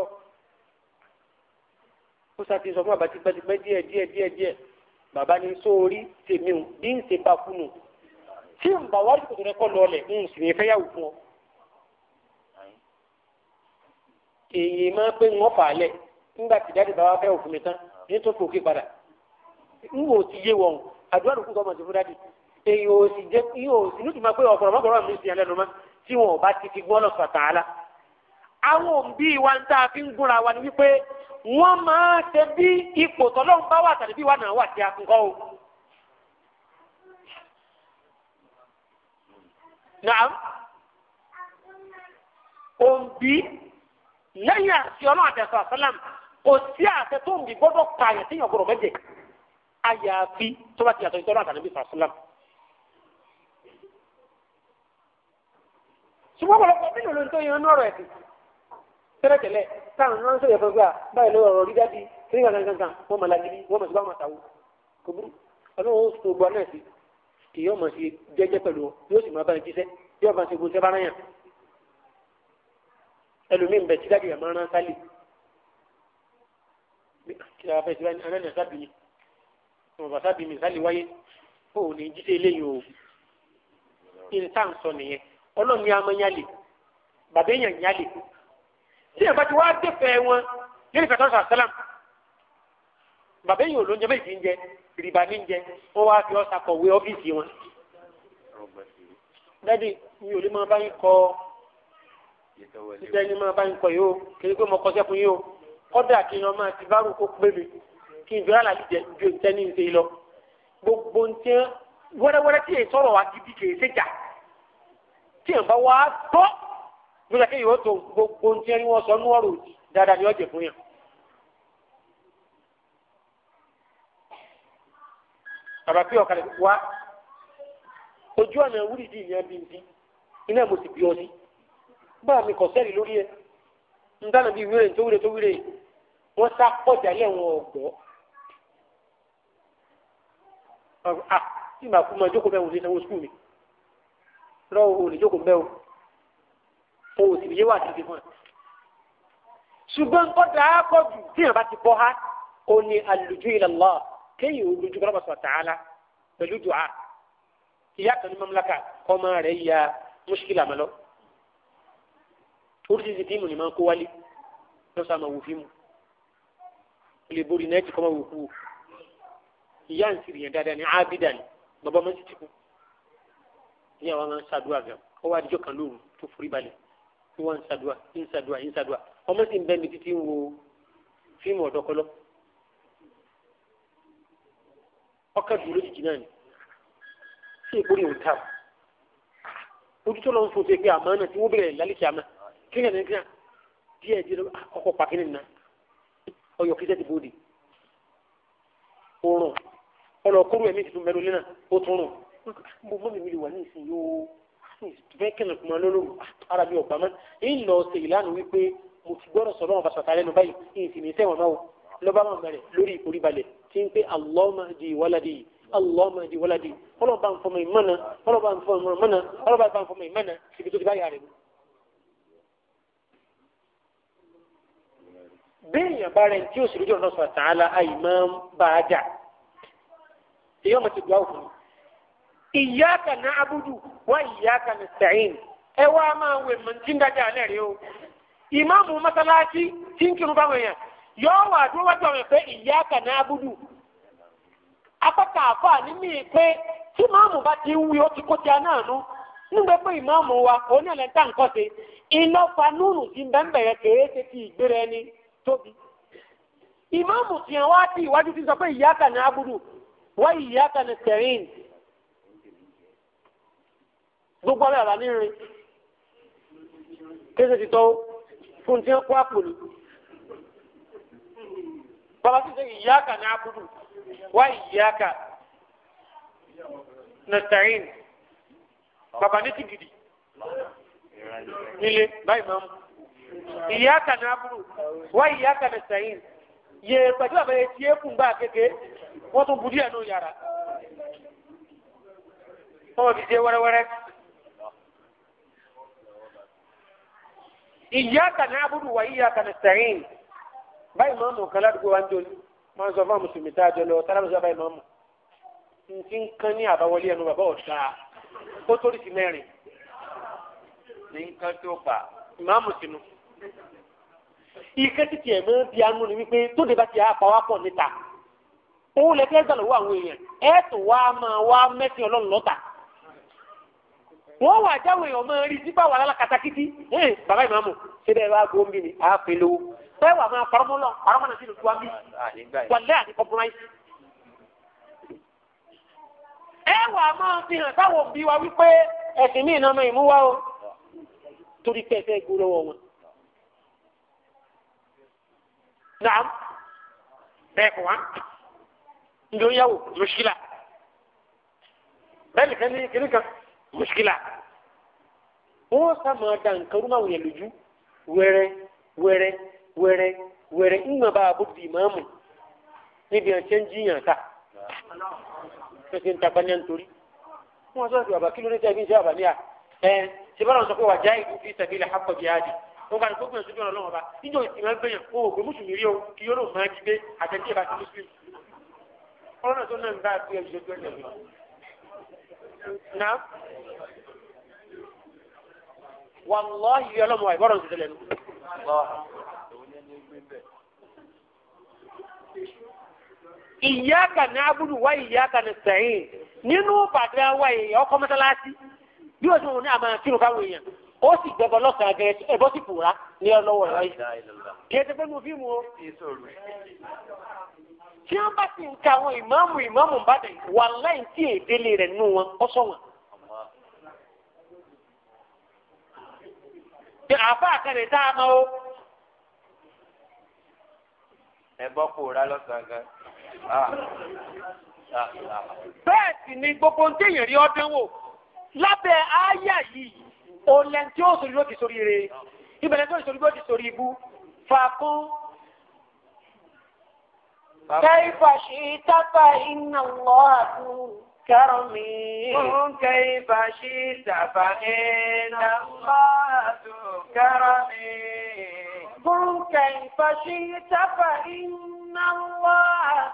kó sá ti sọ fún àbàtí pẹ́tipẹ́ díẹ̀ díẹ̀ díẹ̀ díẹ̀ bàbá ní sóorí tèmi ò bí ń ṣe bá kúnnù tí ń bá wá sòkòtò rẹ kọ́ lọ́ọ̀lẹ̀ ń sì ní fẹ́yàwó fún ọ. èyí máa pé wọ́n fà á lẹ̀ nígbà tí jáde bàbá fẹ́ òfin mi tán ní tó fòkè padà ń wò ó ti yé wọn àdúrà lókùn kọ́ mọ̀ sí fúdádì èyí ò sì jẹ yìí ò sì lùtùmọ̀ pé ọ̀pọ̀lọpọ̀ ọ̀pọ̀lọpọ̀ mi sì yàn lẹ́nu mọ́ tí wọn ò bá ti fi gbọ́ lọ́sọ̀ tààlà. àwọn òbí wa ń tá a fi ń gúnra wa ni wípé wọ́n máa ṣe bí ipò tọ́lọ́run bá wà tàbí bí wà náà wà sí akùnkọ́ o. naam òǹbí lẹ́yìn àti ọlọ́run àtẹ̀sọ̀ àsálàm kò sí àṣẹ tó ń bí gbọ́dọ̀ pààyàn tí yàn gbọ́dọ̀ mẹ́jẹ̀ àyàfi tó bá ti yàtọ̀ ìtọ́lọ́ àtàlẹ́bí sàásálàm. ṣùgbọ́n ọ̀pọ̀lọpọ̀ mélòó ló ń tó yan ọ̀rọ̀ ẹ̀sìn tẹ́lẹ̀tẹ́lẹ̀ táwọn náà ń sọ ìyẹ̀fọ́ gbà ah, báyìí lọ́wọ́ ọ̀rọ̀ dídá di kíní kan kan kan wọ́n mọ̀ lágídí wọ́n mọ̀ sí bá wọn àtàwọn kò burú ọlọ́run ó gbọ́ náà sí kì yóò mọ̀ sí jẹ́jẹ́ pẹ̀lú yóò sì máa bá ní jíṣẹ́ yóò bá ṣe gbọ́n sẹ́bá náà yàn ẹlòmíín bẹ̀ tíjáde yà máa rán sálì kí a fẹ́ síbáyé anáà sábì ni ọmọ sábì mi sálì wáyé ní jíṣẹ́ eléyìí o ìntàn sọ nìyẹn ọlọ́run ní amọ̀ yálè bàbá èèyàn yálè tí èèyàn bá ti wá dẹ́fẹ̀ wọn lórí ìfẹ́ tọ́sà sálàm bàbá èèyàn ló ń jẹ bẹ́ẹ̀ ti ń jẹ rìbá ní ń jẹ wọ́n wá fi ọ̀sà kọ̀wé ọ́fíìsì wọn. dádì mi ò lè máa bá yín kọ ìtẹ́ ni máa bá yín kọ yìí o kì í pé mo kọsẹ́ fún yín o kọ́dà kí n ọmọ àti bárò kó pé mi kí n fi rálá ju ìtẹ́ ní ìṣe lọ gbogbo ntẹ́ wẹ́rẹ́wẹ́rẹ́ tí èyí sọ̀rọ̀ wa gidi kì í ṣèjà tí èèyàn bá wá tọ́ nígbà tí yóò tó gbogbo ohun tí wọ́n sọ ní ọ̀rọ̀ dáadáa ni ọ̀jẹ̀ fún yàn. bàbá pé ọ̀kadà wá ojú ọ̀nà wúrì dì ní ẹbí ndí iná mo sì bí ọ sí bá mi kọ̀ sẹ́rì lórí ẹ ntànà bíi wíwèrè tó wíwèrè tó wíwèrè wọ́n sá pọ̀jà lẹ́wọ̀n ọ̀gbọ́ ah tí màá kú mọ́ ẹjọ́ kó bẹ́ẹ̀ wò lé sanwó sukùl mi rọ òhun olùjókòó mbẹ́ o òhun sì yé wà síbi fún ẹ. ṣùgbọ́n nǹkan dáa pọ̀ jù tí yàrá ti bọ́ ha ó ní alùjú ilẹ̀ lọ kéyìn olùjú kọ́lọ́mọ̀ sọ̀ tààlà pẹ̀lú dùá ìyá kan ní mamlaka ọmọ rẹ̀ ya mùsùlùmí àmàlọ́ oríṣiríṣi fíìmù ni máa ń kó wálé lọ́sàn-án máa wò fíìmù lè borí náà ti kọ́ wò kú ìyá ń sìrìyàn dáadáa ní ábídà bàbá máa ti kú ìyá wa máa ń ṣàdúrà gan ó wá àdìjọ kan lóru tó forí balẹ̀ tí wọ́n ń ṣàdúrà ń ṣàdúrà ń ṣàdúrà ọmọ sì ń bẹ́ẹ̀ mi títí ń wo fíìmù ọ̀dọ́kọlọ́ ọkọ̀ dùn lójijì náà ni sí ìkórè òun ta ojú tó lọ ń fún ṣe pé àmọ́ náà tí wọ́n bẹ̀rẹ̀ lálẹ́ kí a mọ̀ kí ni ẹ̀dínkì náà díẹ̀ díẹ̀ ah, ọkọ̀ pàkínní náà ọyọ̀ kí o bòde oorun ọlọ́kúrú ẹ̀mí tuntun mẹ́rin lẹ́nà ó tún rùn mo mọ́ mi mi lè wà ní ìsìn yóò bẹ́ẹ̀ kẹ́lẹ̀ kùmọ̀ lọ́lọ́mù ara mi ọ̀gbà mọ́ èyí lọ ṣe ìlànà wípé mo ti gbọ́dọ̀ sọ̀rọ̀ wọn fàṣọ àtàlẹ́nu báyìí èyí sì ní sẹ́wọ̀n náà lọ́ba máa bẹ̀rẹ̀ lórí ìforíbalẹ̀ tí ń pé Allahumma di waladi Allahumma di waladi ọlọ́ba ń fọmọ ìmọ̀nà ọlọ́ba ń fọmọ ìmọ̀nà ọlọ́ba ń fọmọ ìmọ̀nà ibi tó ti báyà rẹ̀ mu. béèyàn bá rẹ̀ tí ó sì lójú ọ̀nà sọ̀tàn àlà àyè máa ń bá a jà èyí ọmọ ti gbọ́ àwọn iyaka na abudu wa iyaka na sa'in Ewa wá máa wẹ̀ mọ̀tí dájà alẹ́ rẹ imamu ìmáàmù mọ́sálásí tí ń kírun báwọn èèyàn wa wà dúró wájú na abudu apáta àfà ní mí pé tí imamu ba ti ń wí ti kó ti aná àánú wa òun náà lẹ́ńtà fa ti ti na abudu gbogbo ọ̀rẹ́ àlá nírin kéṣe ti tọ́ fún tí wọ́n kó àpò ní. bàbá tí sẹ́yìn ìyá àkà ní abudu wá ìyá àkà nàìjíríìn bàbá ní ti gidi nílé báyìí máa ń ìyá àkà ní abudu wá ìyá àkà nàìjíríìn yẹ pẹ̀lú àbẹ̀yẹ tí é kùn bá kéke wọ́n tún bu díẹ̀ nù yàrá. Wọ́n ti ṣe wẹ́rẹ́wẹ́rẹ́. iyyaka na'budu wa iyyaka nasta'in báyìí máa mọ̀ kan ládùúgbò wa ń jòlú máa ń sọ fún mùsùlùmí tá a jọ lọ tára mùsùlùmí báyìí máa mọ̀ n ti ń kán ní àbáwọlé ẹnu bàbá ọ̀dà ó tó rìsì mẹ́rin ní nǹkan tó fà ìmáàmù sínú. ìkẹ́ títí ẹ̀ mọ́ bí anú ni wípé tó dé bá ti àpá wá pọ̀ níta òun lẹ́kẹ́ gbà lọ́wọ́ àwọn èèyàn ẹ̀ tó wá máa wá mẹ́sìn ọlọ́run lọ́ta wọ́n wà jáwé èèyàn máa rí jípa wà lálá katakiti ẹ̀ bàbá ìmáàmù ṣé bẹ́ẹ̀ wá gbóhùn bí ni àá fi lówó bẹ́ẹ̀ wà máa parọ́ mọ́lọ́ parọ́ mọ́lọ́ sí ìlú tuwámi wàlẹ́ àti compromise. ẹ wà máa fi hàn táwọn òbí wa wípé ẹ̀sìn mí ìnáwó ìmú wa o torí pé ẹ̀fẹ́ gbó lọ́wọ́ wọn. naam bẹ́ẹ̀ kọ́ wá ǹjọ́ yàwó mùsùlùmí bẹ́ẹ̀ nìkan ní kìnnìkan mùsùkìlà wọ́n sàmà da nǹkan rúmọ̀ wọ̀nyẹn lójú wẹ́rẹ́ wẹ́rẹ́ wẹ́rẹ́ wẹ́rẹ́ ńgbà bá a bó di ìmáàmù níbi àti ẹn jiyàn ta ṣẹṣẹ ń tapa ní ẹn torí wọ́n sọ pé àbá kí ló dé tẹ́bí ṣe àbá ní à ẹ ṣe bá wọn sọ pé wà já ìlú fi tẹ̀lé àpọ̀ bí àdì wọ́n bá ní kó gbìyànjú sójú ọ̀nà lọ́wọ́ bá níjọ ìsìn máa ń gbìyàn kó ògbó mùsùlùmí rí o kí yóò lò máa jí gbé àtẹ̀jẹ́ ìbá ti mùsùlùmí ọlọ́run tó náà ń bá a pé ẹ̀ na wàlọ́ọ̀hì ọlọ́mọ wa ìbọ̀rọ̀ tuntun lẹ́nu. ìyáka ní abudu wá ìyáka ní sẹ́yìn nínú bàdá wa yìí ọkọ mọ́tálásí bí o sọ wọn ní àmà kírun èèyàn ó sì gbẹbọ lọ́sàn-án gẹ̀ẹ́sì ẹ̀bọ́ sì pòórá ní kí ẹ ti fíìmù o. tí wọ́n bá ti ń ka àwọn ìmáàmù ìmáàmù bá dẹ̀ wà láì tí èdèlè rẹ̀ nù wọn ọ̀sọ̀ wọn. ṣe àfa àkàlẹ̀ tá a mọ o. ẹ bọ́ kó o rà lọ́sàn-án gan. Ah, ah, ah. bẹ́ẹ̀ sì ni gbogbo ń téèyàn rí ọdún wò lábẹ́ àyà yìí olè tí ó sori ló ti sori re ibẹ̀rẹ̀ tó ti sori ló ti sori ibu fàákùn. كيف شئت فإن الله كرمي كيف شئت فإن الله كرمي قل كيف شئت فإن الله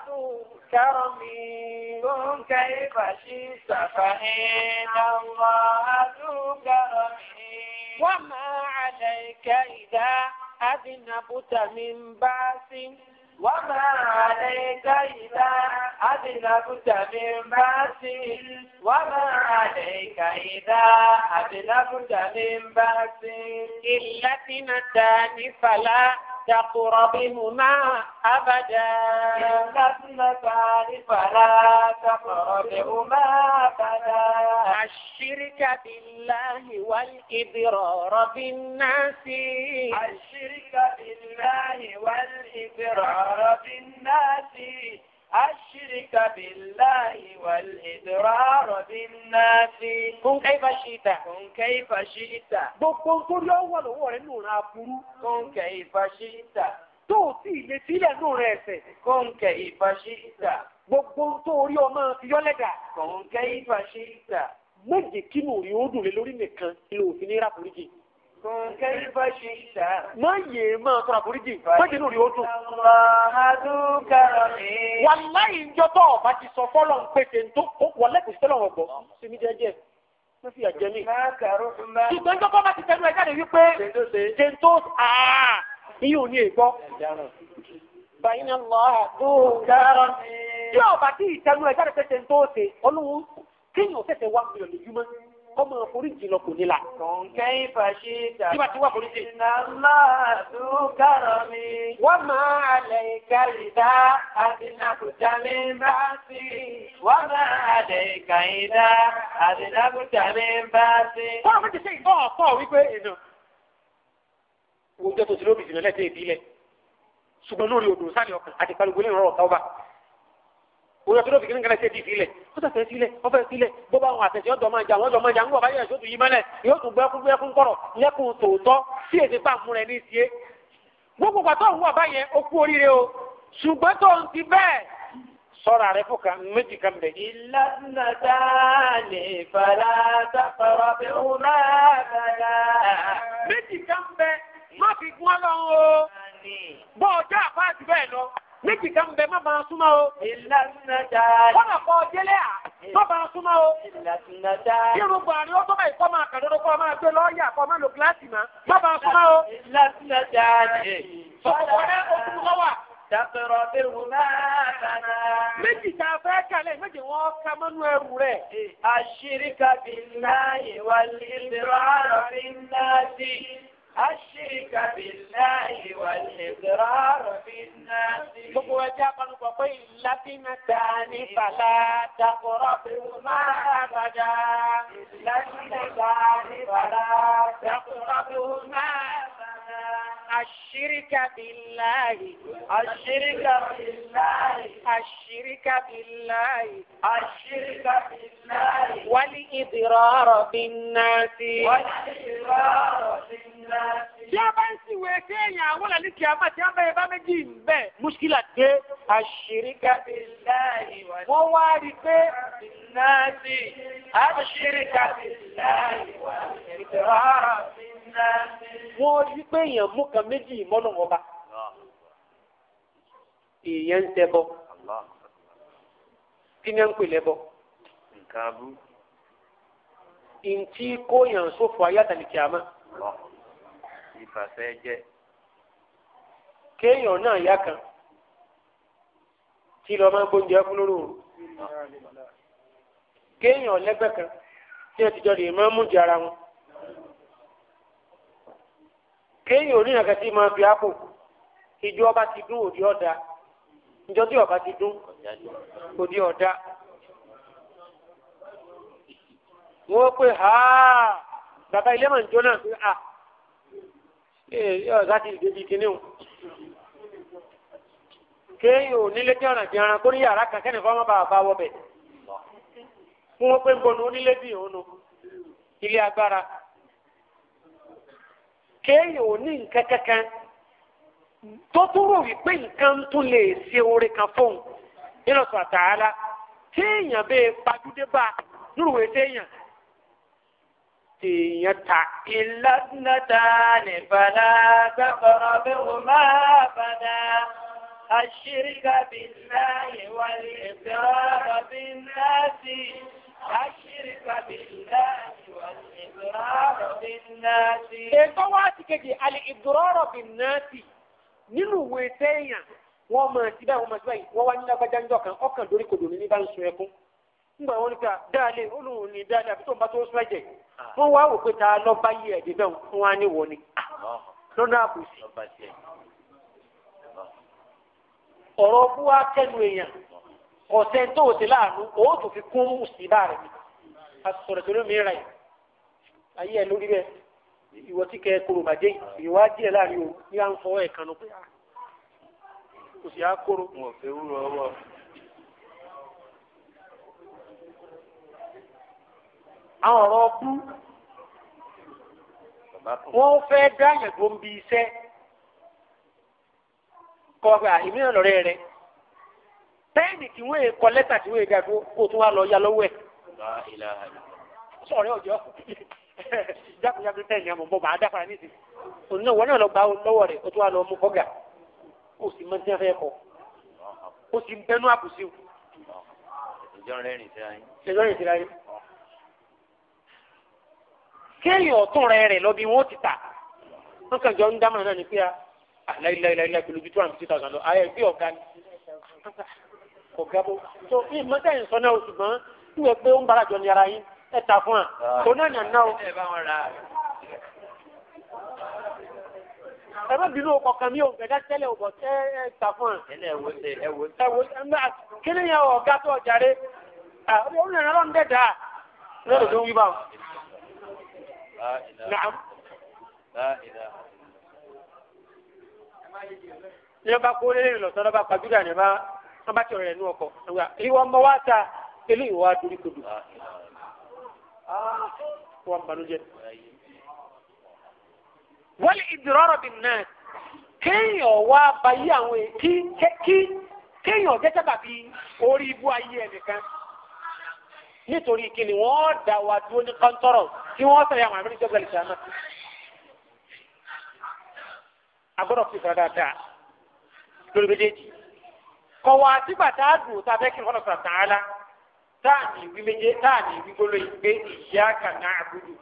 كرمي قل كيف شئت فإن الله كرمي وما عليك إذا أذنبت من بأس وما عليك إذا أذنبت من بأس وما عليك إذا أذنبت من بأس إلا اثنتان فلا تقربهما أبدا اثنتان فلا تقربهما أبدا الشرك بالله والإضرار بالناس الشرك بالله والإضرار بالناس الشرك بالله والإدرار بالناس كن كيف شئت كن كيف شئت gbogbo tó yọ wà lọ́wọ́ rẹ̀ nù ra burú. كن كيف شئت tó o sì lè sílẹ̀ nù rẹ̀ ẹ̀sẹ̀. كن كيف شئت gbogbo tó orí ọmọ fi yọ lẹ́dà. كن كيف شئت méje kínú rí ó dùn lé lórí nìkan ni òfin ní ráforíjì má yè máa tọrọ àforíjì májè lórí ó dùn. wàláyé ìjọ tó ọba ti sọ fọlọ ń pèsè ń tó wọlé kò sí tọ́lọ̀ wọ̀ gbọ́ sinmi jẹ́jẹ́ wọ́n fi àjẹ mi. ṣùgbọ́n ìjọba bá ti tẹnu ẹ jáde wípé jẹ́ntó ìyóò ní ègbọ́. bàyìn lọ́hà tó dára. tí ọba tí ìtẹnu ẹ jáde pé jẹ́ntó ṣe olówó kéèyàn tẹ̀sẹ̀ wá mílíọ̀nù yúmọ́ kọ́ máa foríjì lọ kò ní la. kọ̀ǹkẹ́ ìfàṣẹ ìjà tí wàá ti wá foríjì. ìnáwó àtúkàrọ̀ mi. wọ́n máa alẹ̀ ìka ìdá àdínàkùjá mi bá sí. wọ́n máa alẹ̀ ìka ìdá àdínàkùjá mi bá sí. wọ́n á fẹ́ẹ́ ṣe ìgbọ́ ọ̀pọ̀ wípé ìnà. wo jẹ́ tó ti lóbi ìsìn lẹ́sẹ̀ ìbílẹ̀ ṣùgbọ́n lórí odò sálẹ̀ ọkàn àti òun àti lófin kínkínlẹ̀ ṣe ti filẹ̀ ó tẹ̀sẹ̀ sílẹ̀ ó fẹ́ sílẹ̀ bó bá wọn àtẹ̀sẹ̀ ọ̀dọ̀ máa jà wọ́n jọ máa jà ń wọ̀bá yẹn sótù yìí mọ́lẹ̀ yóò tún gbẹ́kún gbẹ́kún kọ̀rọ̀ lẹ́kùn tòótọ́ sí èsì pàmò rẹ̀ ní ìsìyé. gbogbo pàtó òun wọ̀bá yẹn ó kú oríire o ṣùgbọ́n tó ń ti bẹ́ẹ̀ sọ́ra rẹ̀ fún kan méjì kan bẹ̀. ìlànà dáàlì fàlà tàfàrà bí méjì kan bẹ má o. ìlànà dáa. wọ́n nà kọ́ délé à má o. ìlànà dáa. irun buhari ó tọ́ba ìkọ́ máa kàn lọ́dọ́ kọ́ máa gbé súnmọ́ o. ìlànà dáa. sọ̀kọ̀ náà ó tún lọ́wọ́ Dàpẹ̀rọ̀ bí wùmá kàná. Méjì tá a fẹ́ kàlẹ̀ méjì wọ́n ka mọ́nú ẹrù rẹ̀. Àṣírí kabi náà ìwà lè bẹ̀rọ̀ àrọ̀ bí náà sí. الشرك بالله والإقرار بالناس gbogbo ẹjẹ́ akọ́nùpọ̀ pé ìlàbímẹ́ta ní fàlà dàkọ̀rọ̀ bíwọ́mà àbàdà ìlàbímẹ́ta ní fàlà dàkọ̀rọ̀ bíwọ́mà àbàdà. الشرك بالله الشرك بالله الشرك بالله الشرك بالله والإضرار بالناس والإضرار بالناس tí a bá ń sì wé kéèyàn àwọn làlí kìí àmà tí a bá yẹ bá méjì ń bẹ mùsùlùmí dé. àṣìríkà billahi wọ́n wá rí i pé náà sí àṣìríkà billahi wà ní ìdọ̀rọ̀. wọ́n rí pé èèyàn mú kan méjì mọ́nà ọba èèyàn ń tẹ́bọ kí ni à ń pè lẹ́bọ. ntí kó yàn sófò ayátàlìkì àmà. ìfàsẹ́ jẹ́. kéèyàn náà yá kan tí lọ́ọ́ máa ń gbóúnjẹ fún lóru òru kéèyàn lẹ́gbẹ̀ẹ́ kan tí ẹ ti jọ lè máa ń mú jẹ ara wọn kéèyàn oníyàn kẹtí máa fi ápò ìjọ ọba ti dún òdi ọ̀dà ìjọ tí ọba ti dún òdi ọ̀dà wọ́n pè ha bàbá ilé màá ń jóná pé a ọ̀dà ti dèbí kíní o kéèyàn onílé tí ọ̀nà ti ara kó ní yàrá kan kẹ́ni fọ́nmọ́ bàbá wọ bẹ̀ fún wọn pé ń bọnu onílé bí òun nu ilé agbára kéèyàn ò ní nǹkan kankan tó tún rò wípé nǹkan tún lè ṣe oore kan fóun nínú ọ̀sán àtàlá téèyàn bẹ́ẹ̀ pàdúdé bá téèyàn téèyàn ta ìlànàta nìbàlá gbàgbọ́rọ̀ bẹ́ẹ̀ wò máa bàdá. الشرك بالله والإفراد بالناس Ètò wá ti kejì àlè ìdúrọ́rọ̀ bí náàtì nínú ìwé sẹ́yìn wọ́n mọ̀ sí báyìí wọ́n mọ̀ sí báyìí wọ́n wá ní lágbájá ńjọ kan ọkàn lórí ní bá ń sun ẹkún. wọn dáálé ní dáálé àbí tó ń bá tó wá wò pé ta lọ bá yí bẹ́ẹ̀ fún wa ní Lọ́nà àbùsí. Ọ̀rọ̀ bú wa èèyàn. ọ̀sẹ̀ tó o ti láàánú o fi kún mùsùlùmá rẹ̀ ni a tó ló mi ra yìí ayé ẹ lórí ìwọ tí kẹ bàjẹ́ ìwádìí ẹ láàrin o ní à ń fọwọ́ ẹ̀ kanu pé ah, kò sí àkóró. wọn ò fẹ́ ọwọ́. àwọn ọ̀rọ̀ wọ́n fẹ́ ń bi iṣẹ́ kọ́ ah, rẹ̀. pẹ́ẹ́nì tí wọ́n kọ lẹ́tà tí wọ́n ga fún kó tún wá lọ ya lọ́wọ́ ẹ̀. sọ̀rọ̀ ọjọ́ jákèjádò tẹ̀yìn àmọ̀ bọ́ màá dáfara nísì òun náà wọ́n náà lọ lọ́wọ́ rẹ̀ ó tún wá lọ mú fọ́gà ó sì mọ́ tí wọ́n kọ́ ó sì ń bẹnu àbùsí ìjọ rẹ̀ rìn yín. kéèyàn ọ̀tún rẹ̀ rẹ̀ lọ bí wọ́n ti tà wọ́n kàn jọ ń dámọ̀ náà ní pé a láìláìláìláì pẹ̀lú ojú two hundred and fifty thousand bí ọ̀gá ni kò gẹ́bó tó ní mọ́tẹ́ ìsọ náà ṣùgbọ́n ìwé pé ó ń bára jọ ní ara yín ẹ ta fún à tó náà nà náà. ẹ má bínú ọkọ̀ kan mi ò gẹ̀dá tẹ́lẹ̀ ọ̀bọ̀ tẹ́ ẹ ta fún à. ẹ wo ṣe ẹ wo ṣe. ẹ wo ṣe kí ni yẹn ọ̀gá tó ọjà rẹ ó nà lọ́n ń wí Ní ọba kó lé lè lọ sọ́dọ̀ bá pàjúdà ní bá wọn bá ti ọ̀rẹ́ ẹnu ọkọ ìwọ ọmọ wa ta eléyìí wàá dorí kodò wọn balùwẹ. wọ́n ìdúrọ́rọ̀ bí náà kéèyàn wá bayé àwọn kí kí kéèyàn jẹ́ sábàbí orí ibú ayé ẹnìkan nítorí kí ni wọ́n dá wa dúró ní kọ́ńtọ́rọ̀ tí wọ́n sọ ya màmí ní jọ́gbẹ́lì sàmà. agbọ́dọ̀ fi fara dáadáa lórí méjèèjì kọ̀wá àtìgbà tá a dùn tá a fẹ́ kí nǹkan ọ̀sán tàn án la tá a ní ìwí méje tá a ní ìwí gbóló yìí pé ìyá kàná àbúrò.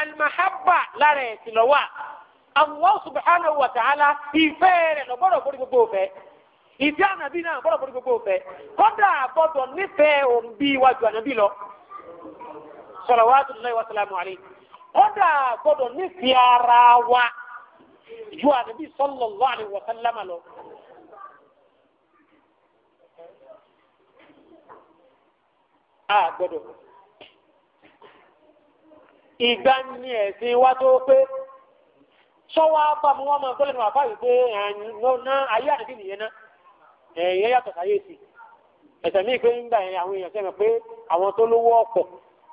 alimahaba lára ẹ̀sìn lọ́wọ́ àwọn subhanahu wa ta'ala ìfẹ́ rẹ̀ lọ́gbọ́dọ̀ borí gbogbo òfẹ́ ìfẹ́ ànàbí náà gbọ́dọ̀ borí gbogbo òfẹ́ kọ́dà gbọ́dọ̀ nífẹ̀ẹ́ òun bí iwájú ànàbí lọ salawatullahi wa salamu alayhi kọ́dà gbọ́dọ̀ nífẹ̀ẹ́ ara wa ju ànábì sallallahu alaihi wa sallam lọ. a gbọ́dọ̀ ìgbà ni ẹ̀sìn wa tó pé sọ́wọ́ abamu wọn máa gbọ́dọ̀ nípa báyìí pé ẹ̀yìn ayé ànábì nìyẹn náà ẹ̀yìn yàtọ̀ sáyé sí ẹ̀sẹ̀ míì pé ń gbà yẹn àwọn èèyàn sẹ́mi pé àwọn tó lówó ọ̀pọ̀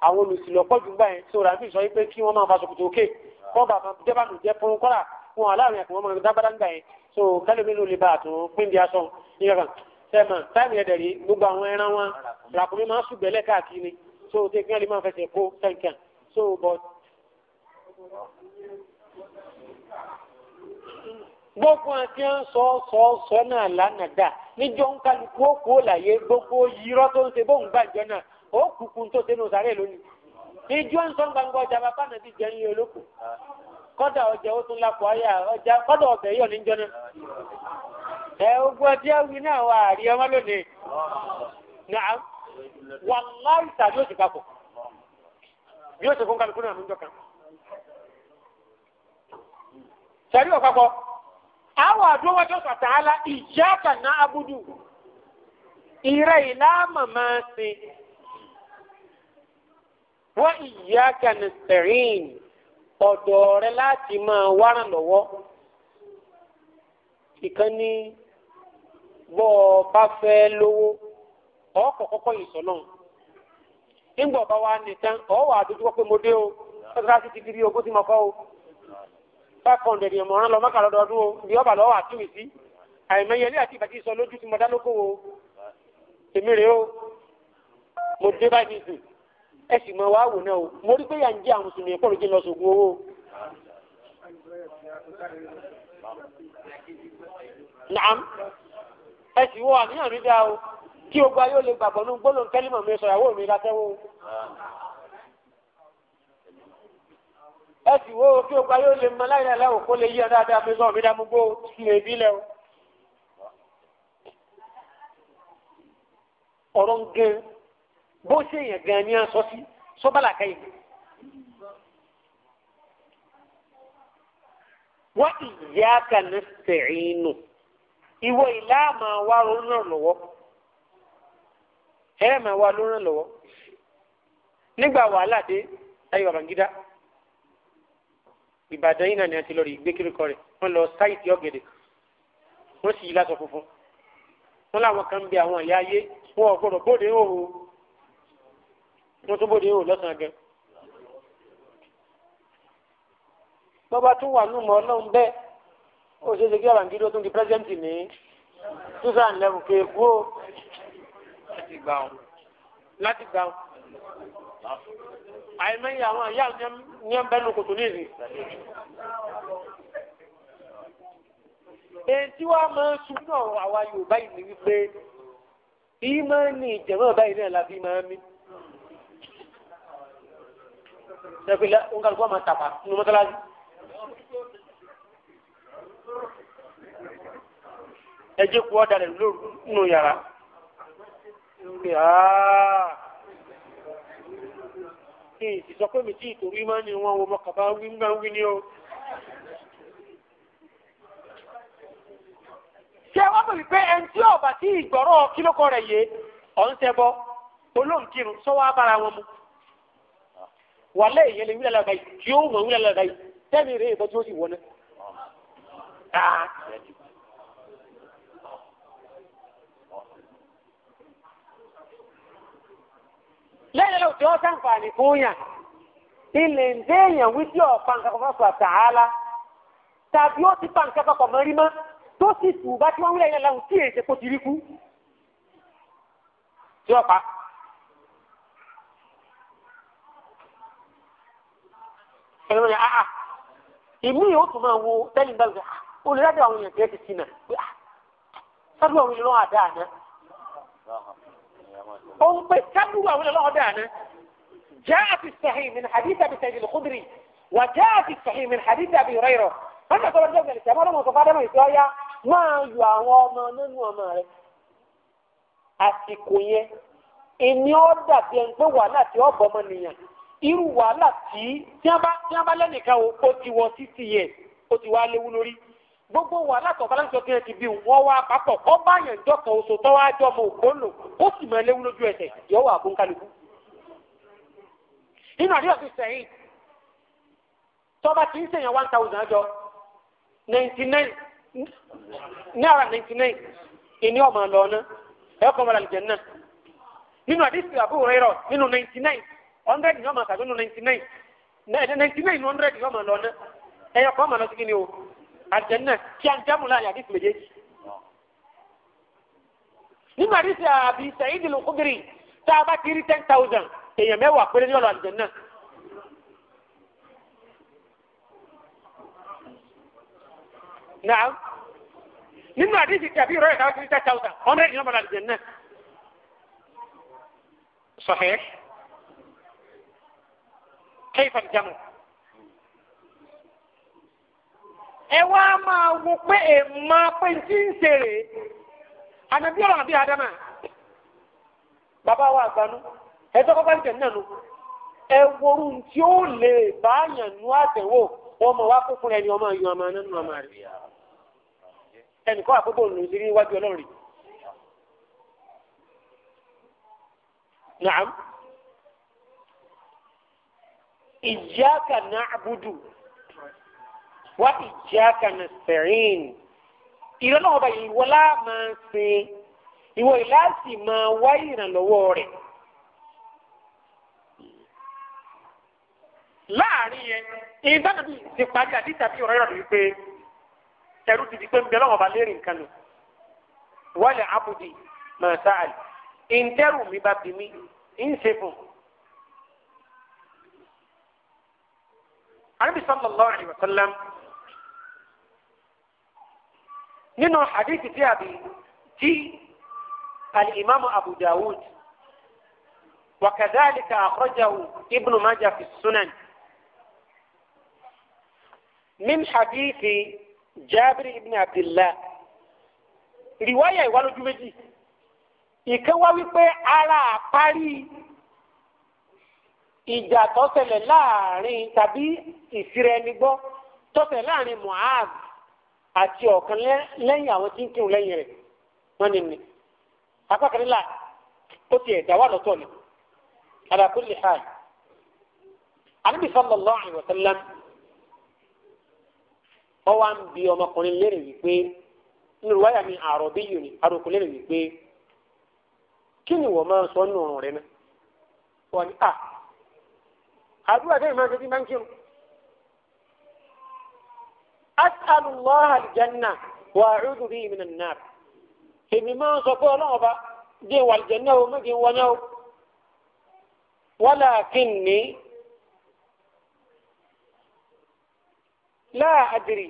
àwọn olùsìlọ́pọ̀ jù ń gbà yẹn sọ̀rọ̀ àbí sọ pé kí wọ́n máa fa ṣòkòtò òkè kọ́ bàbá jẹ́bàánù jẹ́ fún kọ́là wọn aláàrin ẹ̀kọ́ wọn máa dábàdà ń gbà yẹn so kálí mi ló lè bá a tún pín bí aṣọ ìyàgàn sẹ́mà táìmì ẹ̀dẹ̀ rí gbogbo àwọn ẹran wọn làkúnmí máa ń ṣùgbẹ́lẹ̀ káàkiri so tí kí wọ́n lè máa fẹsẹ̀ kó kẹ̀kẹ́ so but. gbogbo àti ń sọ sọ sọ náà lánàá dà níjọ ń kálukú ó kó láyé gbogbo yìírọ́ tó ń ṣe bóun gbàjọ náà ó tó ṣe ní òsàrẹ́ lónìí ìjọ ń sọ gbangba ọjà bàbá náà ti jẹun yìí kọ́dà ọjà ó tún lápò ayé ọjà kọ́dà ọbẹ̀ yọ̀ ní jọ́nà. ẹ ogun ọdí ẹwì náà wà àrí ọmọ lónìí. nàá wà láì tàbí ó ti papọ̀ bí ó ti fún kálukú náà níjọ kan. sẹ́rí ọ̀pápọ̀ àwọn àdúrà wájú sàtàlá ìjà kàná abudu ìrẹ́ ìlà màmá sí. wọ́n ìyá kàná sẹ́rìn ọ̀dọ̀ rẹ láti máa wárán lọ́wọ́ ìkan ní bọ́ ọ bá fẹ́ lówó ọkọ̀ kọ́kọ́ yìí sọ́nà nígbà ọba wa nìkan ọwọ́ àdójúkọ pé mo dé o ọ̀sán ti ti di bí ogún tí mo kọ́ o five hundred yẹn mọ̀ràn lọ mọ́kà lọ́dọọdún o bí ọba lọ́wọ́ àtúwì sí àìmọye àti ìbàdí sọ lójú tí mo dá lókòwò èmi rèé o mo dé báyìí nìsín ẹ sì mọ wàá wò náà o mo rí pé yà ń jẹ àwọn mùsùlùmí pọ̀ lójú lọ sògùn owó. naam ẹ wọ àníyàn rí dáa o kí o gba yóò lè gbàgbọ́ ní gbólóhùn kẹ́límọ̀ mi sọ ìyàwó mi látẹ́wọ́. ẹ sì kí o gba yóò lè mọ láyé láwò kó lè yí ọ dáadáa mi sọ mi dá mú gbó lè bí o. ọ̀rọ̀ ń gé bó ṣe yẹn gan ni à ń sọ sí sọ́bàlà káyé. wa iyyaka nasta'inu ìwọ ìlà máa wá lóràn lọ́wọ́ ẹ máa wá lóràn lọ́wọ́ nígbà wàhálà dé ayé Babangida ìbàdàn yìí náà ni a ti lọ rí ìgbékirikọ rẹ̀ wọ́n lọ sáìtì ọ̀gẹ̀dẹ̀ wọ́n sì yí lásọ funfun wọ́n láwọn kan ń bẹ àwọn ìyá ayé wọn ò gbọ́dọ̀ bóde òru tó tún bóde yóò lọ́sàn-án gan. bọ́ba tún wà nù ọlọ́run bẹ́ẹ̀ ó ṣe é ṣe kí àbàǹgídó tún di pírẹ́sẹ̀ǹtì ní two thousand eleven kò èkú o láti gbà wọn láti gbà wọn. àìmọye àwọn àyà ní ẹ̀ ń bẹ́nu kòtò ní ìsìn. èyí tí wàá máa ń sun náà àwa Yorùbá yìí ni wípé ìmọ̀ ní ìjẹ̀mọ́ báyìí náà la fi máa ń mí sẹ́kù ilẹ̀ òǹkàlùkù ọmọ tàpá nínú mọ́tàlájú. ẹjẹ kú ọ̀dà rẹ̀ lóru nínú yàrá. kí n sì sọ pé mi tí ìtòrí máa ń ní wọn wo mọ́kàbá wí ń gbà ń wí ní o. ṣé wọ́n mọ̀ wípé ẹni tí ọ̀bà tí ìgbọ̀rọ̀ kílókọ̀ rẹ̀ yé ọ̀ ń ṣẹbọ olóǹkirun sọ́wọ́ abára wọn mu wàlẹ́ ìyẹn lè lọ́dà yìí tí ó mọ̀ wílẹ̀ lọ́dà yìí tẹ́mi rèé ìbọn ó sì wọlé. lẹ́yìn lọ́wọ́ tí wọ́n sàǹfààní fún yàn ilé ń dé wí sí ọ̀pá nǹkan kan fún àtàhálà tàbí ó ti pa nǹkan kan pọ̀ mọ́ rí tó sì tù bá tí wọ́n wílẹ̀ yẹn lọ́wọ́ tí èèyàn ṣe kó ti rí kú. tí wọ́n pa ẹ̀rọ yẹn ah, ah. ìmí yóò tún máa wo tẹ́lẹ̀ bá lọ sí olùdarí àwọn èèyàn tẹ́ ti sí náà pé ah sádùú àwọn èèyàn lọ́wọ́ àdá àná òun pé sádùú àwọn èèyàn lọ́wọ́ àdá àná جاء في الصحيح من حديث ابي سعيد الخدري وجاء في الصحيح من حديث ابي هريره أنا أقول لك أن الشمال ما تفعل ما يسوي máa yọ àwọn ọmọ nínú ọmọ rẹ àsìkò yẹn èmi ọ dàbí ẹni pé wàhálà tí ọ bọ ọmọ nìyẹn irú wàhálà tí tí wọ́n bá lẹ́nìkan o ó ti wọ sixty years ó ti wá léwu lórí gbogbo wàhálà tọ̀kọ́ láti ọkẹ́ ti bí wọ́n wá papọ̀ kọ́ báyẹn jọ kan oṣù tó wá jọ ọmọ ògbónò ó sì mọ léwu lójú ẹsẹ̀ yọ wà fún kálukú. nínú àdéhùn ti sẹ́yìn tọ́ba ti ń sèyàn one thousand àjọ ninety nine náírà ninety nine ìní ọmọ àlọ́ ọ̀nà ẹ̀kọ́ ọmọ àlùjẹ̀ náà nínú àdéhùn àbúrò rẹ̀ rọ̀ nínú ninety nine hundred yóò máa tàbí nù ninety nine náà ninety nine nù hundred yóò máa lọ ná ẹyọ kọ́ máa lọ sí kíni o àjẹnà kí a jámù láàyè àdìsí méjèèjì. nínú àdìsí àbí sẹ́yìn ìlú kúndìrì tá a bá ti rí ten thousand èèyàn mẹ́wàá péré ní ọ̀rọ̀ àjẹnà. Naam. Nínú àdìsí tàbí ìrọ̀lẹ́ táwọn ti rí ten thousand hundred yóò máa lọ Sahih kẹ́yìn fàbíjàmù. ẹ wá máa wo pé èèmọ̀ pé n ti ń ṣeré ànàbí ọ̀rọ̀ àbí àdámà bàbá wa àgbànú ẹ tọ́kọ́ bá ń tẹ̀ nínú ẹ worú tí ó lè bá yàn nú àtẹ̀wò ọmọ wa kó fúnra ẹni ọmọ yọ ọmọ nínú ọmọ rẹ ẹnìkan àkókò lòún sí níwájú ọlọ́run rẹ̀. Nàám iyyaka na'budu wa iyyaka nasta'in ìrọ̀lẹ́ ọba yìí wọlá máa ń ṣe ìwọ ìlàsì máa wá ìrànlọ́wọ́ rẹ̀. láàrin yẹn ìdánilẹ́bí ti parí àdìsá bí ọ̀rọ̀ ìrọ̀lẹ́ wípé ẹrú ti di pé ń bẹ lọ́wọ́ ọba lérí nǹkan lò wọlé abudi màsáàlì ìǹtẹ́rù mi bá bí mi ń ṣe fún un. anabi sallallahu alayhi wa sallam nínú hadithi tí a bi ti alimami abu dawud وكذلك أخرجه ابن ماجه في السنن من حديث جابر بن عبد الله رواية ولو جمجي ìkẹwà wípé ara àparí ìjà tó ṣẹlẹ̀ láàrin tàbí ìfirẹnigbọ́ tó ṣẹlẹ̀ láàrin Mu'adh àti ọ̀kan lẹ́yìn àwọn tí ń kírun lẹ́yìn rẹ̀ wọ́n ní ní apákanilá ó ti ẹ̀dá wà lọ́tọ̀ ni wa ń bi ọmọkùnrin lérè wípé nínú wáyà mi àròbí yìí ni àròkùn lérè wípé ni wọ́n máa ń sọ nínú àdúrà tẹ́lẹ̀ máa ń tẹ́tí máa ń kírun. as'alu allah aljanna wa a'udhu bihi minan nar. èmi máa ń sọ pé ọlọ́run ọba dé wà aljanna o méjì ń wọnyá o. walakinni la adri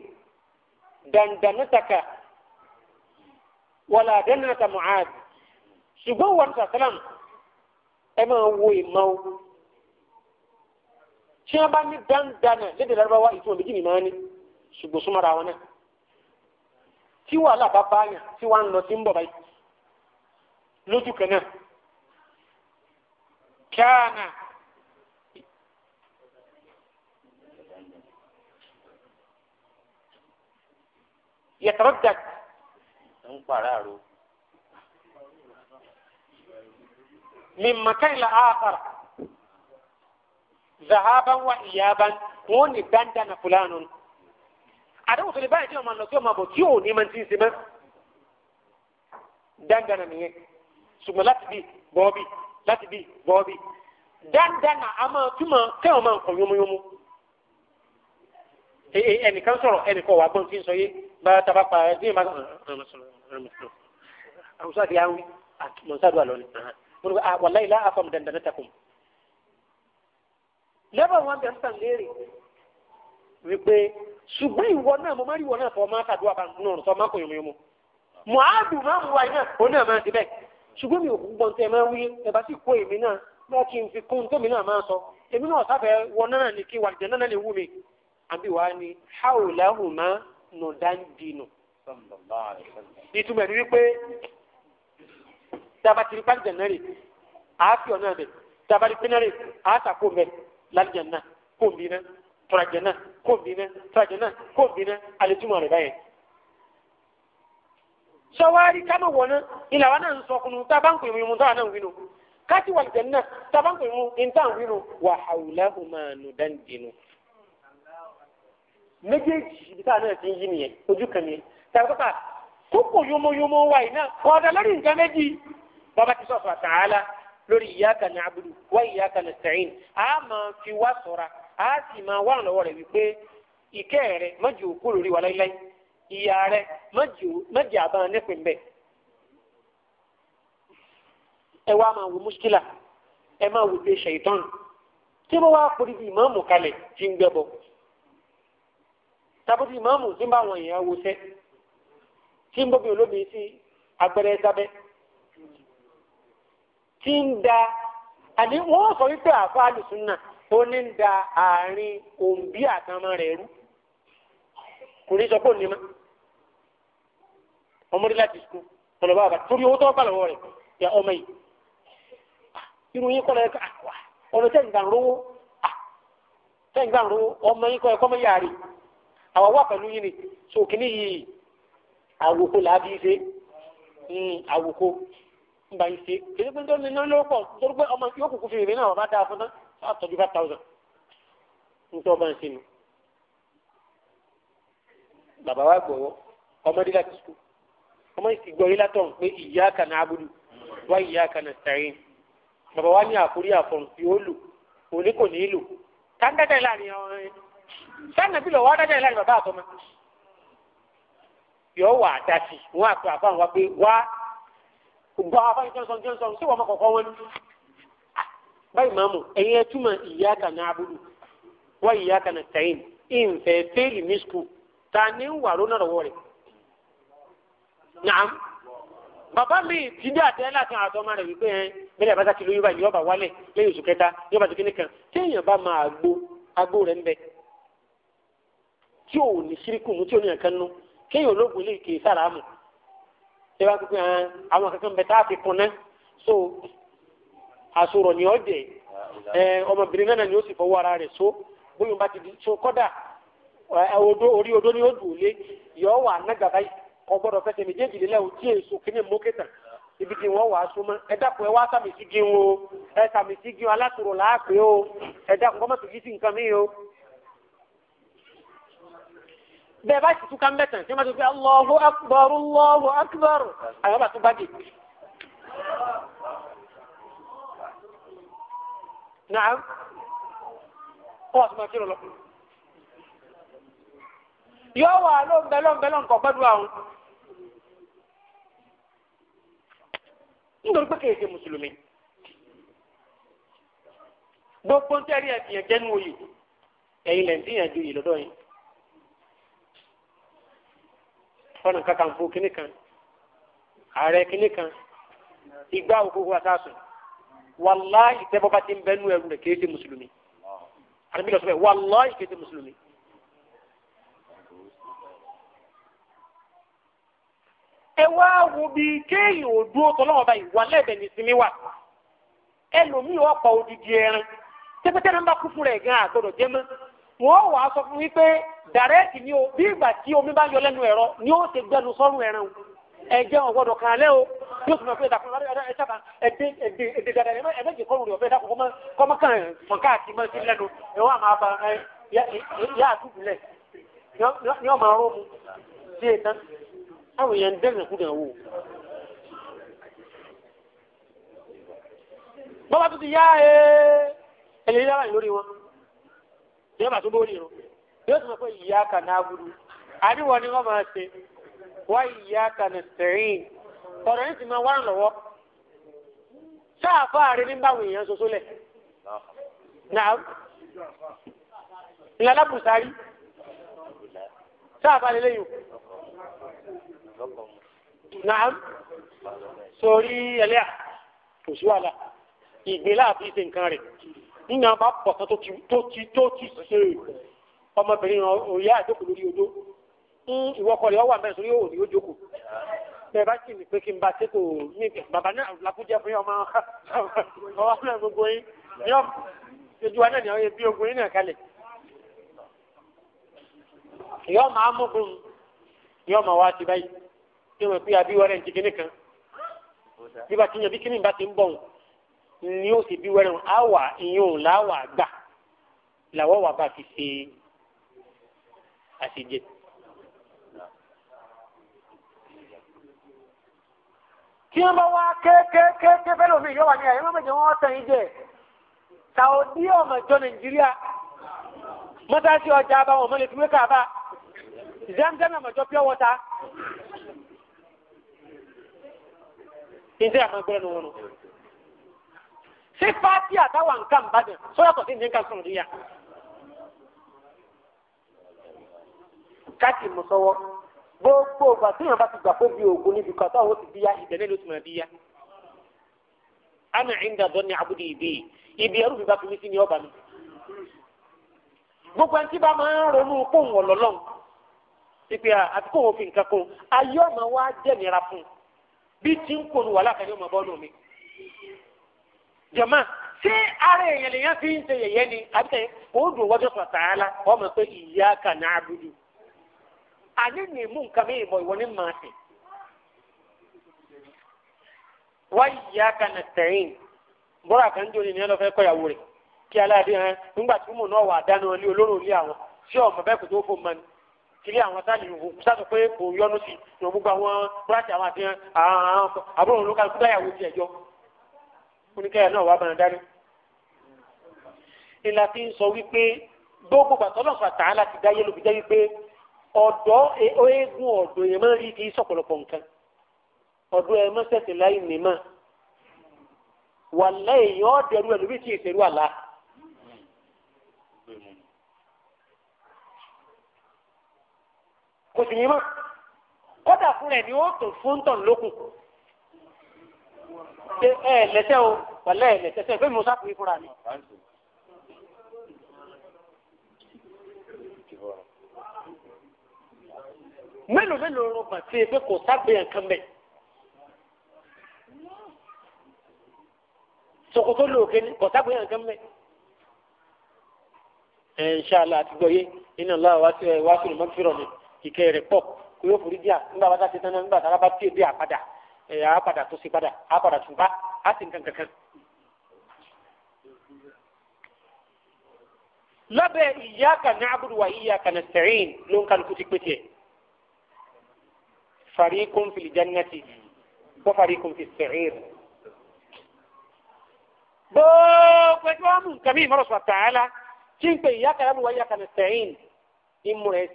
dandanataka wala dandanata mu'ad. ṣùgbọ́n wọn sàtàlám ẹ máa wo ìmọ̀ o tí wọ́n bá ní dandanà lédè lárúbáwá ìtumọ̀ méjì nìyẹn ni ṣùgbọ́n súnmọ́ra wọn náà tí wàhálà bá báyà tí wàá ń lọ sí ń bọ̀ báyìí lójú kan náà kíáànà yẹtọrọdàk. ń pàrọ̀ àrò. mímọ̀ káyìlá àkàrà zahaban wa iyaban wọn ni dandan na fulani àdéhùn tó lè báyìí tí wọn máa lọ sí ọmọ àbọ̀ tí ò ní máa ti ń se mọ́ dandan na nìyẹn ṣùgbọ́n láti bí bọ́ọ̀bì láti bí bọ́ọ̀bì dandan na a máa túmọ̀ kẹ́wọ̀n máa ń kọ̀ yómúyómú ẹnìkan sọ̀rọ̀ ẹnìkan wà gbọ́n tí ń sọ yé bá taba pa ẹ bí ẹ máa àwùjọ àti àwọn àmọ̀sádùn àlọ́ ni wọ́n ní wàláyé láàfàmù dandan náà takùn lẹ́bàá wọn bẹ̀rẹ̀ sàn léèrè wípé ṣùgbọ́n ìwọ náà mo máa rí ìwọ náà fọ́ máa kàdúrà bá nínú ọ̀rùn tó máa kò yomoyomo mọ̀ádùn máa ń wá iná òun náà máa débẹ̀ ṣùgbọ́n mi ò gbọ́n tẹ́ máa wí ẹ̀bá sì kó èmi náà bá kí n fi kún tómi náà máa sọ èmi náà sábẹ́ wọ náà ní kí wàlìjẹ́ náà lè wú mi àbí wàá ní háòláhùn máa nù dáńdínù. ìtumọ̀ ni wípé tabatiri pàǹtẹ̀ náà rè àáfíọ̀ náà rè tabatiri pínárì àátàkó mẹ́rin lálìjẹ̀nà kò ń bínà tọ́rajẹ̀nà kò ń bínà tọ́rajẹ̀nà kò ń bínà àlejúmọ̀ rẹ̀ báyẹn. sọwárí kánò wọ̀nà ilà wa náà ń sọ kunu tá a bá ń pè mí mu tá a náà ń wí nù káàtì wàlìjẹ̀nà tá a bá ń pè mí mu ní tá a ń wí nù wà hàwùláhùmá nù dáńdínù méjèèjì ibi táwọn náà ti ń yí nìyẹn wa yìí náà kọ́ọ̀dà lórí nǹkan méjì bàbá ti sọ̀tọ̀ àtàlà lórí iyyaka na'budu wa iyyaka nasta'in a máa fi wá sọ̀ra a sì máa wà lọ́wọ́ rẹ̀ wípé ìkẹ́ rẹ̀ mọ́jì òkú lórí wa láíláí ìyá rẹ̀ mọ́jì àbá nípìn bẹ́ẹ̀. ẹ wá máa wo muskila ẹ máa wo pé ṣèyítọ́n tí wọ́n wá pòrí bí ìmáàmù kalẹ̀ ti ń gbẹ́bọ̀ tàbí ìmáàmù tí ń bá àwọn èèyàn wo sẹ́ tí ń bọ́ bí olómi sí agbẹ́rẹ́ sábẹ́. tí ń da àní wọ́n sọ wípé àáfàá afọ ó ní ń da àárín òǹbí àtàmọ́ rẹ̀ rú kò ní sọ pé òní mọ́ ọmọdé láti sùkú tọ̀lọ̀ bá torí owó tó bá lọ́wọ́ rẹ̀ yà ọmọ yìí irú yín kọ́ lọ ẹ̀ka ọ̀nà tẹ̀ ń ọmọ kọ́ ẹ̀kọ́ mọ́ yàrá àwọn wà pẹ̀lú ni yìí àwòkó hmm, àwòkó gba ìṣe kìí pé tó ní náà ló pọ̀ torí pé ọmọ yóò kúkú fi ìrìn náà bá dáa fún tán àtọ́jú five thousand nítorí ọba ń ṣe nu. bàbá wa gbọ̀wọ́ ọmọdé láti sùkú ọmọ ìsì gbọ́ yìí látọ̀ pé ìyá kan náà abudu wá ìyá kan náà sàrin bàbá wa ní àkórí àfọ̀n yóò lò òní kò ní í lò ká ń dájà láàrin ọ̀rọ̀ yẹn sáà bí lọ wá dájà láàrin bàbá àtọmọ yọ wà á dá sí wọn àpò àbáwọn wa pé wá gbọ́ afáyín jọ́sọ̀n jọ́sọ̀n sí wọn kọ̀kọ́ wọn. báyìí màmú ẹ̀yin ẹtúmọ̀ iyyaka na'budu wa iyyaka nasta'in ìǹfẹ̀ fẹ́ẹ̀lì ní skul ta ni ń wà lónà lọ́wọ́ rẹ̀. naam bàbá mi ti dé àtẹ láti àtọ́ máa rẹ̀ wípé ẹn mílẹ̀ bá sákìlú yóò bá yóò bá wálẹ̀ lẹ́yìn oṣù kẹta yóò bá tókè nìkan téèyàn bá máa gbó agbó rẹ̀ ń bẹ tí ò ní síríkù mú tí ò ní ẹ̀kan nú kéèyàn ológun lè kè sára mọ̀ ṣé wàá pípé àwọn kankan bẹ tá a ti kun náà so àsọ̀rọ̀ ni ọ jẹ ọmọbìnrin náà ni ó sì fọwọ́ ara rẹ̀ so bóyá bá ti di so kọ́dà odo orí odo ni ó dùn lé yọ wà nága báyìí kò méjèèjì o tí èso kí ni mo ibi tí wà á ẹ ẹ wá sàmì sí o ẹ sàmì sí alásòrò bẹ́ẹ̀ bá ti túká mẹ́tàn tí fi àwọn bá tún bá dé. máa kírun lọ. Yóò wà Nítorí pé Mùsùlùmí. Gbogbo ń tẹ́rí ẹ̀fìyàn jẹ́nu oyè. Ẹ̀yin yìí. ọ̀nà kankan fún kínní kan ààrẹ kínní kan ìgbà òkúkú àtàsùn wàláì tẹ́bọ́ bá ti ń bẹ́nu ẹrù rẹ̀ kéé ṣe mùsùlùmí àti bílọ̀ sọ́fẹ̀ wàláì kéé ṣe mùsùlùmí. ẹ wá wo bí kéèyàn ò dúró tọ́lọ́wọ́ báyìí wà lẹ́ẹ̀bẹ̀ ní sinmi wà ẹlòmíì ọ̀pọ̀ odidi ẹran tẹ́pẹ́tẹ́ náà bá kú fún rẹ̀ gan àgbọ̀dọ̀ jẹ́ mọ́ wọ́n wà á sọ fún mi pé dàrẹ́ẹ̀tì ni o bí ìgbà tí omi bá yọ lẹ́nu ẹ̀rọ ni ó ti gbẹnu sọ́run ẹ̀ràn ẹ̀jẹ̀ wọn gbọ́dọ̀ kàn án lẹ́ o yóò tún bẹ fún ìdàkùn lọ́dọ̀ ẹ̀dá ẹ̀ṣẹ̀ kan ẹ̀dẹ̀ ẹ̀dẹ̀ ẹ̀dẹ̀ dada ẹ̀mẹ́ ẹ̀mẹ́ jẹ kọ́rù rẹ̀ ọ̀fẹ́ dàkùn kọ́mọ kan fọ̀n káàkiri mọ́ sí lẹ́nu ẹ̀ wọ́n máa ba yá àdúgbìlẹ̀ ni wọ́n máa rọ́ọ̀mù sí ẹ̀ tán àwọn èèyàn ń dẹ́rìn kúdà wò. bọ́lá tó ti yá ẹ̀ẹ́dẹ̀ yára lórí wọn yóò bá tún bórí irun yóò tún sọ pé iyyaka na'budu àdìwọ̀ ni wọ́n máa ṣe wa iyyaka nasta'in ọ̀rọ̀ yìí ti máa wá lọ́wọ́ sáàfà rẹ ní báwọn èèyàn ṣoṣo lẹ̀ náà ìlànà bùsàrí sáàfà lélẹ́yìn náà sórí ẹlẹ́à kò sí wàhálà ìgbéláàfin ṣe nǹkan rẹ̀ níyàn bá pọ̀ tán tó ti tó ti ṣiṣẹ́ rẹ̀ ọmọbìnrin ràn òyà àjókòó lórí odó ń ìwọ́kọ̀ rẹ̀ ọwà mẹ́rin sórí òwò ni ó jókòó bẹ́ẹ̀ bá sì ní pé kí n bá ṣe kò ní bàbá náà làkújẹ́ fún ọmọ ọwọ́ náà gbogbo yín ní ọmọ ojú wa náà ní ọyẹ bí ogun yín náà kalẹ̀ yọ máa mọ́gun yọ máa wá ti báyìí yọ máa pé àbí wọlé ní kíní kan bí bá ti yàn bí kíní bá ti ń bọ̀ wọn ni ó sì bí wẹ́rẹ́ wọn àwà ìyẹn òun láwà gbà làwọ̀ wà bá fi ṣe àṣejẹ. tí wọ́n bá wá kéékéékéé fẹ́ lómi ìyọ́wà ni àyẹ̀wò méje wọ́n tẹ̀ yín jẹ sàwọ́dí ọmọ ìjọ nàìjíríà mọ́tàsí ọjà àbáwọn ọmọ lè fi wé kàbá zamzam ọmọ ìjọ pure water. ǹjẹ́ àmọ́ gbọ́dọ̀ ni wọ́n nù ṣé fáti àtàwọn nǹkan ìbàdàn sọ́yàtọ̀ sí nǹkan sọ̀rọ̀ níyà. káàkiri mú sọ́wọ́ gbogbo ìgbà tí yàrá bá ti gbà pé bí oògùn níbi kan táwọn ó ti bíyá ìdẹ́lẹ́ ló ti máa bíyá. ana inda dọ́ni abudu ìbí ibi ẹrú mi bá fi mí sí ní ọba mi. gbogbo ẹni tí bá máa ń ronú kóhùn ọ̀lọ́lọ́hùn ìpè àti kóhùn òfin kankan ayé ọmọ wa jẹ́ nira fún bí tí ń kóhùn wàhálà kan yóò máa bọ́ mi jọ̀mọ́ ṣé ara èèyàn lèèyàn fi ń ṣe yẹ̀yẹ́ ni àbíkẹ́ ó dùn wájú sọ̀rọ̀ tààlà wọ́n mọ̀ pé ìyá kan náà àní ní mú nǹkan mi ìbọn ìwọ ní màá sì. wá ìyá kan náà sẹ́yìn kan jó ni ní ẹlọ́fẹ́ kọ́yàwó rẹ̀ kí aláàdé hàn nígbà tí mò ń náà wà dáná ilé olóró ilé àwọn tí ọmọ bẹ́ẹ̀ kò tó fò mọ́ ni kiri àwọn sáàlì yòókù sáàtò pé kò yọnu sí ìwọ̀n gbogbo àwọn búrọ́ọ̀tì àwọn àti àwọn àbúrò olókàlùkù dáyàwó tiẹ̀ oníkẹ́yà náà wà bàrà dání. ìlà fi ń sọ wípé gbogbo gbàtọ́lọ̀ fàtà láti dáyé lóbi jẹ́ wípé ọ̀dọ́ e, eégún ọ̀dọ́ yẹn máa ń rí kí sọ̀pọ̀lọpọ̀ nǹkan ọ̀dọ́ ẹ mọ́sẹ̀sẹ̀ láì nímọ̀ wàlẹ́ èèyàn ọ̀dẹ̀rú ẹ̀ lóbi tí ì ṣerú àlá. kò sì yín mọ́ kódà fún ẹ̀ ni ó tún fún tọ̀ lókun ṣe ẹ lẹ́sẹ̀ o pẹ̀lẹ́ ẹ lẹ́sẹ̀ sẹ́ fẹ́ mi musa kiri fúnra mi. mélòó mélòó ló mà sí pé kò ságbéyàn kan bẹ̀. sokoto lóòkè ni kò ságbéyàn kan bẹ̀. Inshallah àti gbọ́ yé iná lọ́wọ́ wá sí ẹ wá sí ìmọ̀ fírọ̀ mi kìkẹ́ rẹ̀ pọ̀ kó yóò forí díà nígbà bá ti tán náà nígbà tá a bá tiẹ̀ bí àpadà ẹ̀yà á padà pada? Apa dah sumpah? padà tún bá á sì nǹkan kankan. lábẹ́ iyyaka na'budu wa iyyaka nasta'in ló ń kálukú ti fariqun fil jannati wa fariqun fis sa'ir. gbogbo ẹgbẹ́ wa mú nǹkan mi ìmọ̀ràn sọ̀tà á la iyyaka na'budu wa iyyaka nasta'in ìmúra ẹ̀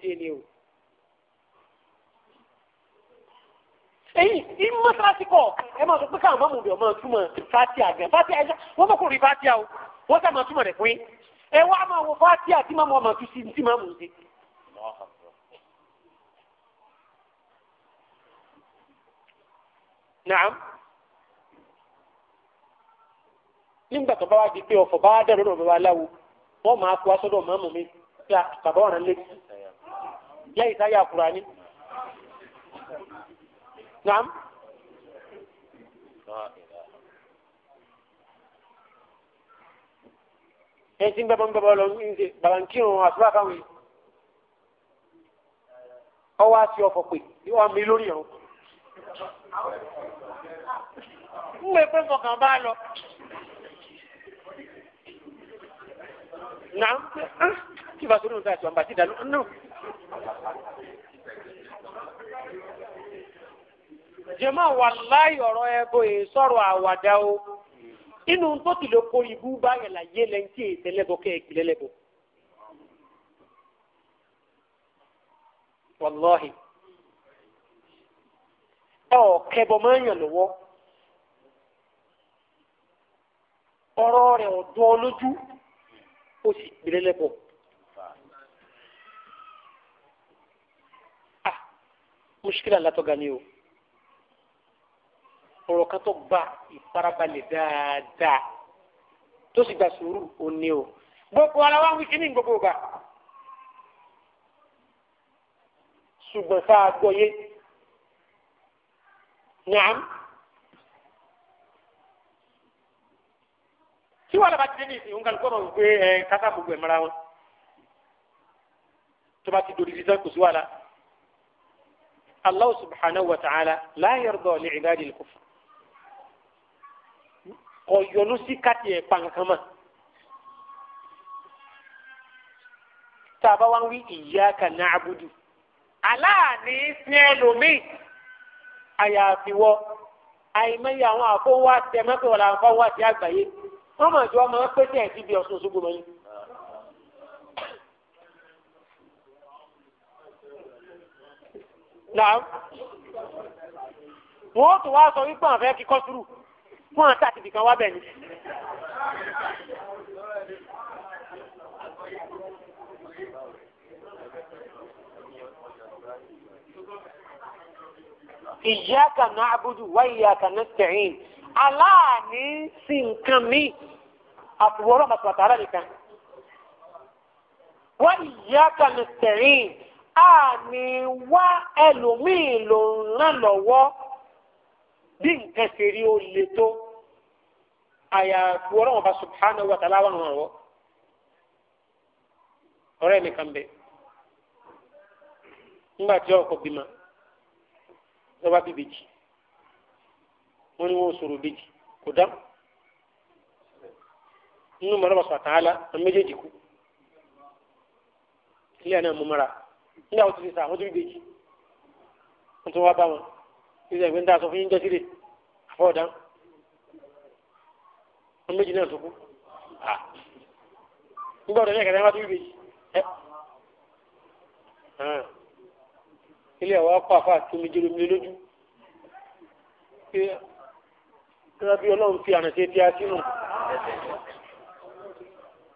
ẹ̀yìn ìmọ̀ sáàtì kọ̀ ẹ máa sọ pé káwọn máa mú bí ọmọ túmọ̀ fati àgẹ̀ fati àgẹ̀ wọ́n mọ̀ kó rí fati àwọ̀ wọ́n sá máa túmọ̀ rẹ̀ pín ẹ wá máa wọ fati àti máa mú ọmọ tún sí ti máa mú sí. naam nígbà tó bá wá di pé ọ̀fọ̀ bá wá dẹ̀rọ̀ lọ́dọ̀ bá láwo wọ́n máa kó aṣọ dọ̀ mọ́mọ́ mi ah, bàbá ọ̀ràn lé yá ìsáyà kúránì. نعم ẹtí gbẹbọ ń gbẹbọ lọ ní bàbáńkìrún àtúrà káwé ọwọ àti ọfọ pé yóò wá mi lórí ọhún. ń gbé pé fọkàn bá lọ. nà ń pẹ́ kí bàtúrò ń sàtìwọ̀n bàtí dàlú. jẹ́mọ́ wàláì ọ̀rọ̀ ẹbọ yìí sọ̀rọ̀ àwàdà o inú tó ti lè kó ibú báyìí la yé lẹ́yìn tí èsè lẹ́bọ kẹ́ ẹ̀ gbìlẹ́ kẹbọ máa ń yàn lọ́wọ́ ọ̀rọ̀ rẹ̀ ọ̀dọ́ lójú ó sì gbìlẹ́ lẹ́bọ. Ah, mushkila látọ̀gá ọ̀rọ̀ kan tó gba ìfarabalẹ̀ dáadáa tó sì gba sùúrù òní o gbogbo ara wa ń wí kíní gbogbo ìgbà ṣùgbọ́n tá a gbọ́ yé nyàm tí wàhálà bá ti dé ní ìsìn òun kàlùkọ́ náà gbé ẹ kásá gbogbo ẹ̀ mọ́ra wọn tó bá ti dòdì sí sẹ́kù sí wàhálà. Allah subhanahu wa ta'ala la yarda li kọyọnu sí katiẹ pankama taba wa wi iyyaka na'budu ala ni fiẹlumi àyàfi wọ àwọn àfọwọ́ ti àti àgbáyé wọ́n mọ̀ jọ ọmọ pẹ́sẹ̀ ẹ̀sìn bí ọ̀sùn ṣùgbọ́n mọ́yìn. wọ́n tún wá sọ wípé àwọn fẹ́ kíkọ́ wọn àtàkì bìkan wá bẹ̀ ni. ìyáka na'budu wá ìyáka nasta'in aláàní sí nǹkan mi àfiwọ́rọ́ màtàtàrà nìkan wá ìyáka nasta'in àní wá ẹlòmíì ló ń ràn lọ́wọ́. bí nǹkan ṣe rí ó le tó àyà wọ́n bá subhanahu wa ta'ala wọn wọ̀ ọ̀rẹ́ mi kan bẹ nígbà tí ọkọ bímọ lọ́ba bíbí jì wọ́n ní wọ́n sọ̀rọ̀ bíjì kò dán nínú mọ̀rọ̀ bá sọ àtàlà àwọn méjèèjì kú ilé àná mọ̀mọ́ra nígbà wọ́n ti fi sa àwọn tó bíbí jì wọ́n tún wá bá wọn sísè gbé ń dá aṣọ fún yín jọ sílẹ̀ fọdà ń méjì náà tó kú nígbà tó ní ẹ̀kẹ́ta bá tó yí bèjì ẹ ilé ẹ̀wọ̀ akọ àfa tómi jẹrọ mi lójú pé kíra bí ọlọ́run fi àrùn sí etí á sínú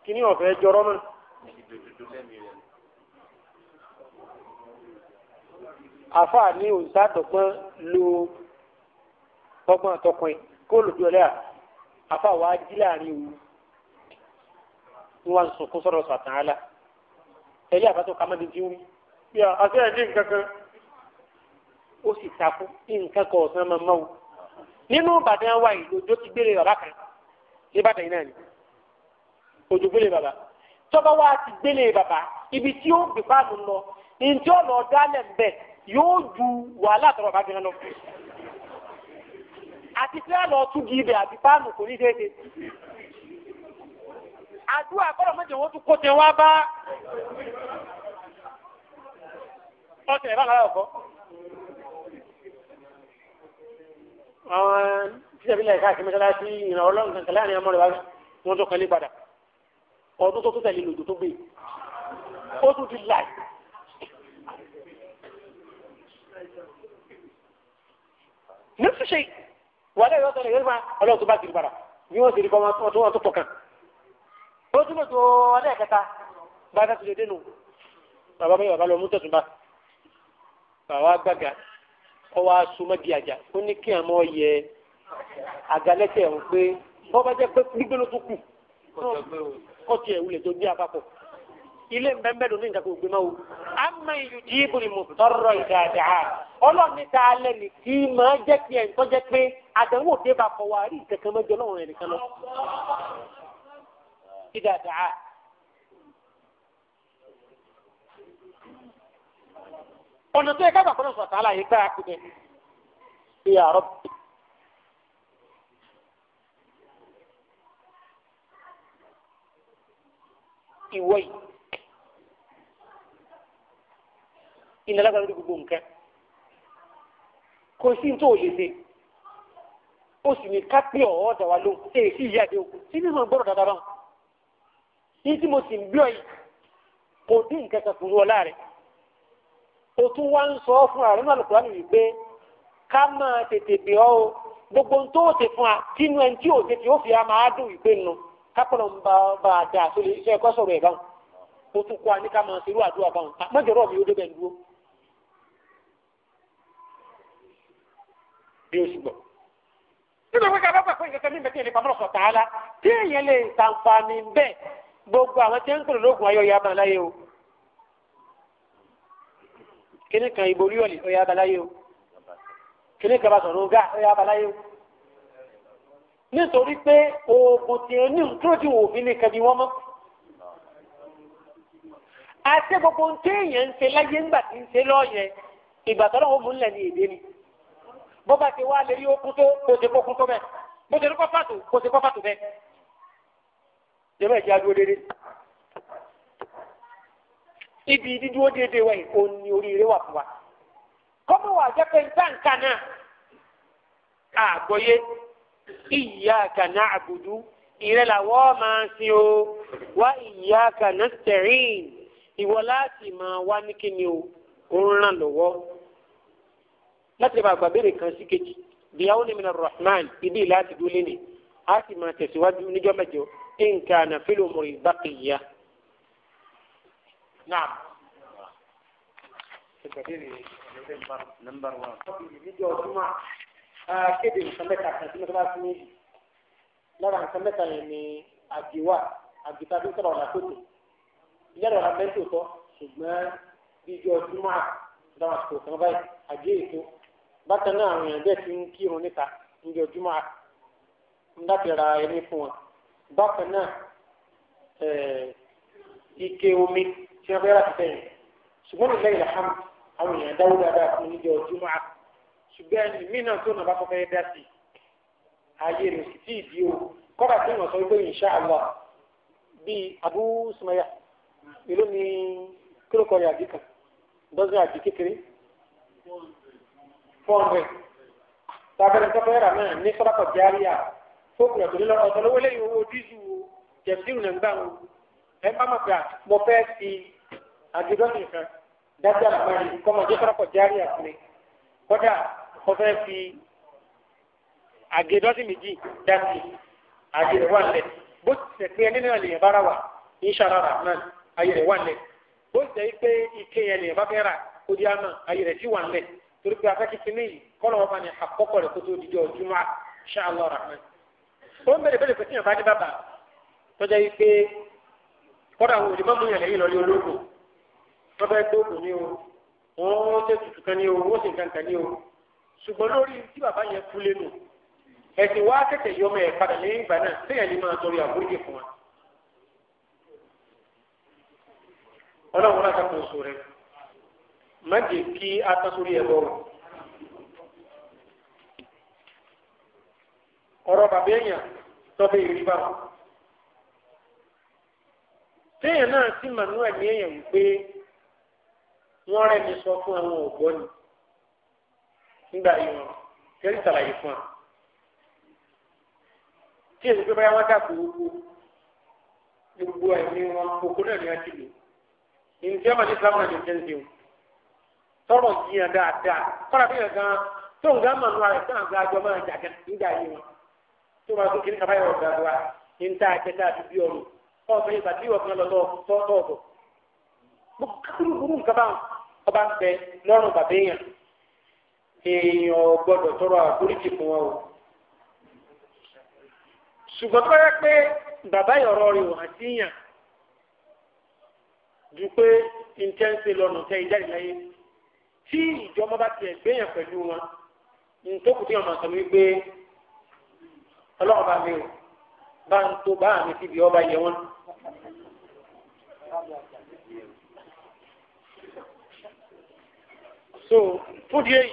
kí ni ọ̀fẹ́ jọrọ náà. àfáà ní òǹsàtọ̀gbọ́n lo ọgbọ́n àtọkùnrin kó lòdì ọ̀lẹ́ à àfáà wàá jí láàrin òru ni wọ́n ń sunkún sọ̀rọ̀ sàtàn án la ẹ̀yẹ́ àbátọ̀ ni ti wí bí a àti ẹ̀ ní nǹkan kan ó sì takú nǹkan kan ọ̀sán nínú ìbàdàn wa yìí lójó ti gbére bàbá kan níbàdàn yìí náà ni òjò gbélé bàbá tọ́ba wa ti gbélé bàbá ibi tí ó gbé fáànù lọ ní tí ó lọ dálẹ̀ ń yóò ju wàhálà tọrọ bá gbin lọ àti fẹ́ lọ túgi ibẹ̀ àti páànù kò ní déédéé àdúrà kọ́lọ̀ méje wọ́n tún kó tẹ wá bá ọ̀sẹ̀ ẹ̀ bá lára ọ̀kọ́. àwọn tíṣẹ́bílẹ̀ káàkiri mẹ́sàlásí ìrìnà ọlọ́run kankan láàrin ọmọ rẹ̀ wá wọ́n tó kan lé padà ọdún tó tó tẹ̀lé lòdò tó gbé ó tún ti láì. nínú ṣe wàlẹ́ yóò tẹ̀lé yóò máa ọlọ́run tó bá kiri bara bí wọ́n ti rí kọ́mọ tó wọ́n tó pọ̀ kan. ó tún lè tó ọlẹ́ kẹta bá dá tilẹ̀ dénú bàbá bá yọ̀ bá lọ mú tẹ̀sùn bá bàbá gbàgà ọwọ́ asomọ́gi àjà a ní kí àmọ́ yẹ àgàlẹ́tẹ̀ ọ̀hún pé bọ́ bá jẹ́ pé gbígbé ló tún kù kọ́ tiẹ̀ wulẹ̀ tó gbé àpapọ̀ ilé mbẹ́mbẹ́dùn ní nǹkan kò gbé máa wò. àmọ́ ìlú jíìbù ni mo tọrọ ìdáadáa ọlọ́run ní ta lẹ́ ní kí máa jẹ́ kí ẹ̀ ń tọ́jẹ́ pé àdánwò dé bá fọwọ́ àrí ìkẹ̀kẹ́ mẹ́jọ lọ́wọ́ ẹnìkan lọ. ìdáadáa ọ̀nà tó yẹ káàbà fọlọ́sọ̀ tààlà yìí gbára kúndẹ̀ bí àárọ̀. ìwọ yìí. ilẹ̀ lágbára lórí gbogbo nǹkan kò sí tó o lè ṣe ó sì ní kápẹ́ ọ̀ọ́ ọ̀dà wa lóhùn èyí sì yí àdé òkú tí nínú gbọ́dọ̀ dáadáa báwọn ní tí mo sì ń bí ọ kò dín nǹkan kan fún ọlá rẹ̀ o tún wá ń sọ fún ààrẹ náà lọ́kùnrin àná wípé ká máa tètè bẹ̀ ọ́ o gbogbo ohun tó o ṣe fún wa kí inú ẹni tí o ṣe tí o fi á máa dùn wípé nù kápọ̀lọ̀ ń bá bá a dà sólè iṣẹ́ ẹ̀kọ́ sọ̀rọ̀ ẹ̀ báwọn o tún kọ́ a ní ká máa bí oṣù bọ̀. nínú pé káfá pàpẹ́ ìkẹ́kẹ́ mi bẹ̀tẹ̀ nípa mọ́lọ́sọ̀ tààlà tí èèyàn lè ṣàǹfààní bẹ́ẹ̀ gbogbo àwọn tí ń pèrò lóògùn ayọ̀ ìyá abaláyé o. kíní kan ìborí ọ̀lì ọ̀yà abaláyé o. kíní kan bàtàn ọ̀gá ọ̀yà abaláyé o. nítorí pé oògùn tí ó ní nǹkan tí òfin nìkan bí wọ́n mọ́ àti gbogbo ntẹ́yìn ń ṣe láyé ńgbà tí ń ṣe lọ́ọ̀yẹ ìgbà tó lọ́wọ́ bó bá ti wá lè rí okun tó kó ṣe kókun tó bẹ́ẹ̀ bó ṣe kó pàtó kó ṣe kó pàtó bẹ́ẹ̀. Ìjọba ìjà dúró déédéé. Ibi dídúró déédéé wẹ̀yìn òun ni oríire wà fún wa. Kọ́mọ wà jẹ́ pé nǹkan náà àgbọ̀yé iyyaka na'budu ìrẹ́ làwọ́ máa ń sin o wá iyyaka nasta'in ìwọ láti máa wá ní kíni o ó ń ràn lọ́wọ́ láti lè máa gba béèrè kan sí kejì bíyàwó ni mina rahman ibi láti dúró lẹ́nu a sì máa tẹ̀síwájú níjọ́ mẹ́jọ nǹkan ànàfẹ́lẹ́ òmùrì bá kìyà. naam. níjọ́ ọdúnmá kéde nǹkan mẹ́ta kan sí mẹ́ta fún méjì lára nǹkan mẹ́ta yẹn ni àgbéwà àgbéta tó sọ̀rọ̀ ọ̀la tóto ilé ẹ̀rọ abẹ́tò tọ́ ṣùgbọ́n níjọ́ ọdúnmá dáwọn àsìkò kan báyìí àgbé ètò bákan náà àwọn èèyàn bẹ́ẹ̀ ti ń kírun níta níbi ojúmọ́ láti ra ẹni fún wọn bákan náà ike omi tí wọ́n fẹ́ rà sí sẹ́yìn ṣùgbọ́n nígbà yìí làhàm àwọn èèyàn dáwó dáadáa fún níbi ojúmọ́ ṣùgbọ́n ẹni mí tó nà bá fọ́fẹ́ dá sí ayé rẹ̀ sì tí ì di o kọ́ra tí wọ́n sọ pé insha Allah bíi Abu Sumaya ìlú ni kílókọ̀ rẹ̀ àdìkan dọ́sẹ̀ àdì kékeré fọ́ọ̀mù tàbẹ̀rẹ̀ tọ́fẹ́rà náà ní sọ́dọ̀kọ̀ járíà fókùnà tó nílọ ọ̀tọ̀ lówó lẹ́yìn owó dísù wo jẹ̀bíìrù nà ń gbà wo ẹ bá mọ̀ pé mo fẹ́ fi àdúgbò nìkan dájú àlàmáyé kọ́mọ jẹ́ sọ́dọ̀kọ̀ járíà fún mi kọ́dà mo fẹ́ fi àgédọ́sì méjì dásì àgédọ́ wà lẹ̀ bó ti sẹ̀ pé ẹni náà lè bára wà inṣàlá rahman ayẹ̀rẹ̀ wà lẹ̀ bó ti sẹ̀ pé ike yẹn lè bá o rà ó di àmà ayẹ̀rẹ̀ sí wà lẹ̀ torí pé afẹ́ kìkìnnì yìí kọ́lọ̀ wọn bá ní àkọ́kọ́ rẹ̀ kó tó di jọ jùmọ̀ ṣáàlọ́ rahman. ó ń bèrè bèrè pé tíyàn bá dé bàbà tọ́jà yìí pé kọ́dà àwọn òdìbọn mú yàn lẹ́yìn lọ ní ológun wọ́n fẹ́ tó kù ní o wọ́n ṣe tutù kan ní o wọ́n ṣe nǹkan kan ní o ṣùgbọ́n lórí tí bàbá yẹn kú lẹ́nu ẹ̀sìn wá tẹ̀tẹ̀ yọmọ ẹ̀ padà lẹ́yìn má jẹ kí atásórí ẹ lọ́rùn. ọ̀rọ̀ bàbá èèyàn tọ́bẹ̀ ìrí bá wọn. téèyàn náà sì manuel ní èèyàn wípé wọ́n rẹ́ni sọ fún àwọn ògbọ́ ni nígbà yìí wọn kẹ́rì ṣàlàyé fún wa. tí èyí pé báyà wọ́n dàpọ̀ owó gbogbo ẹ̀mí wọn kókó náà ni a ti lò. ìǹjẹ́ màdìsílámù náà lè tẹ́lẹ̀ o tọrọ yíyan dáadáa kọ́ra bí yẹn gan tó ń gan mọ̀nú ara ìtàn àgbà àjọ máa jà gan nígbà yìí wọn tó máa tó kiri kaba yọ̀ ọ̀gá wa ní n ta àjẹ tá a ti bí ọ̀run kọ́ ọ̀fẹ́ yìí bàtí ìwọ̀kan lọ tọ́ọ̀tọ̀ bùkúrú burú nǹkan báwọn ọba ń bẹ lọ́rùn bàbá èèyàn èèyàn gbọ́dọ̀ tọrọ àforíjì fún wọn o ṣùgbọ́n tó yẹ pé bàbá ìyọ̀rọ̀ rẹ̀ ò sí yàn ju pé intense tí ìjọba bá tiẹ̀ gbéyàn pẹ̀lú wọn ntókù tí wọn máa sọ wípé ọlọ́run mi ò bá ń tó bá mi síbi ọba yẹ wọn. so fúdi èyí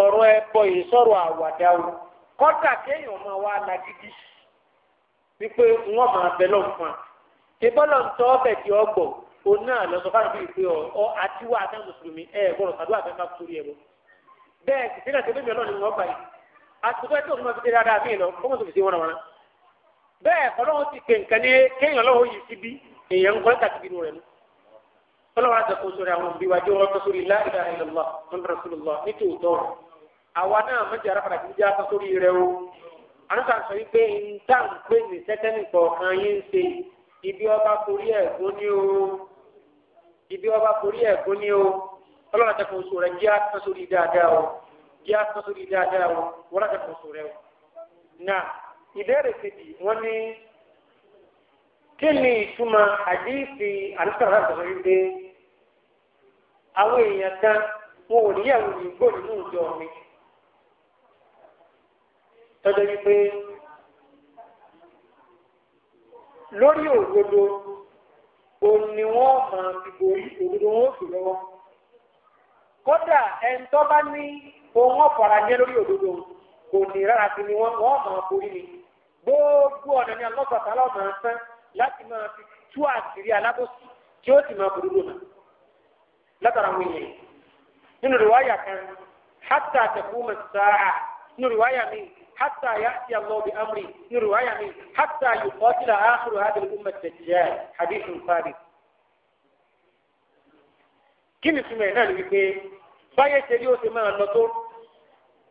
ọ̀rọ̀ ẹ̀bọ yìí sọ̀rọ̀ àwàdà o kọ́dà kéèyàn máa wá lágídí wípé wọ́n máa lọ́nfà ìbọ́lọ̀ ń tọ́ ọbẹ̀ tí ọ gbọ̀. o náà lọ sọ fáwọn bíi pé ọ àti wá àtẹ mùsùlùmí ẹ gbọ́dọ̀ sàdúrà fẹẹ má sórí ẹ bọ bẹ́ẹ̀ sì sílẹ̀ tó bẹbẹ Ọlọ́run ni wọn gbà yìí àtúntò ẹ tó tó fi dáadáa lọ kó tó fi wọn wọn. bẹ́ẹ̀ Ọlọ́run ti pè nǹkan ní kéèyàn lọ́wọ́ yìí bí èèyàn ń tìbínú rẹ̀ Ọlọ́run àwọn ibi wọn bá forí ẹ̀kọ́ ní o ọlọ́run àti àkóso rẹ jẹ́ àtúnṣorí dáadáa o jẹ́ àtúnṣorí dáadáa o wọ́n àti àkóso rẹ o. na ìbéèrè kejì wọ́n ní kí ni ìtumọ̀ àdéhìsì àlùfáà náà sọ̀rọ̀ yìí dé àwọn èèyàn kan wọn ò níyàwó òyìnbó nínú ìjọ mi tọ́jú wípé lórí òdodo. òun ni wọ́n máa fi borí òdodo wọn sùn lọ́wọ́. kódà ẹni tó bá ní ohun ọ̀fọ̀ra jẹ́ lórí òdodo kò ní rárá sí ni wọ́n máa borí ni gbogbo ọ̀nà ni alọ́sọ̀tà máa tán láti máa fi tú àṣírí alábòsí tí ó sì máa borí lónà látara àwọn nínú kan hátà nínú míì. حتى يأتي الله بأمره في رواية من حتى يقاتل آخر هذه الأمة الدجال حديث ثابت كم ni túmọ̀ ẹ̀ náà lórí pé báyẹ̀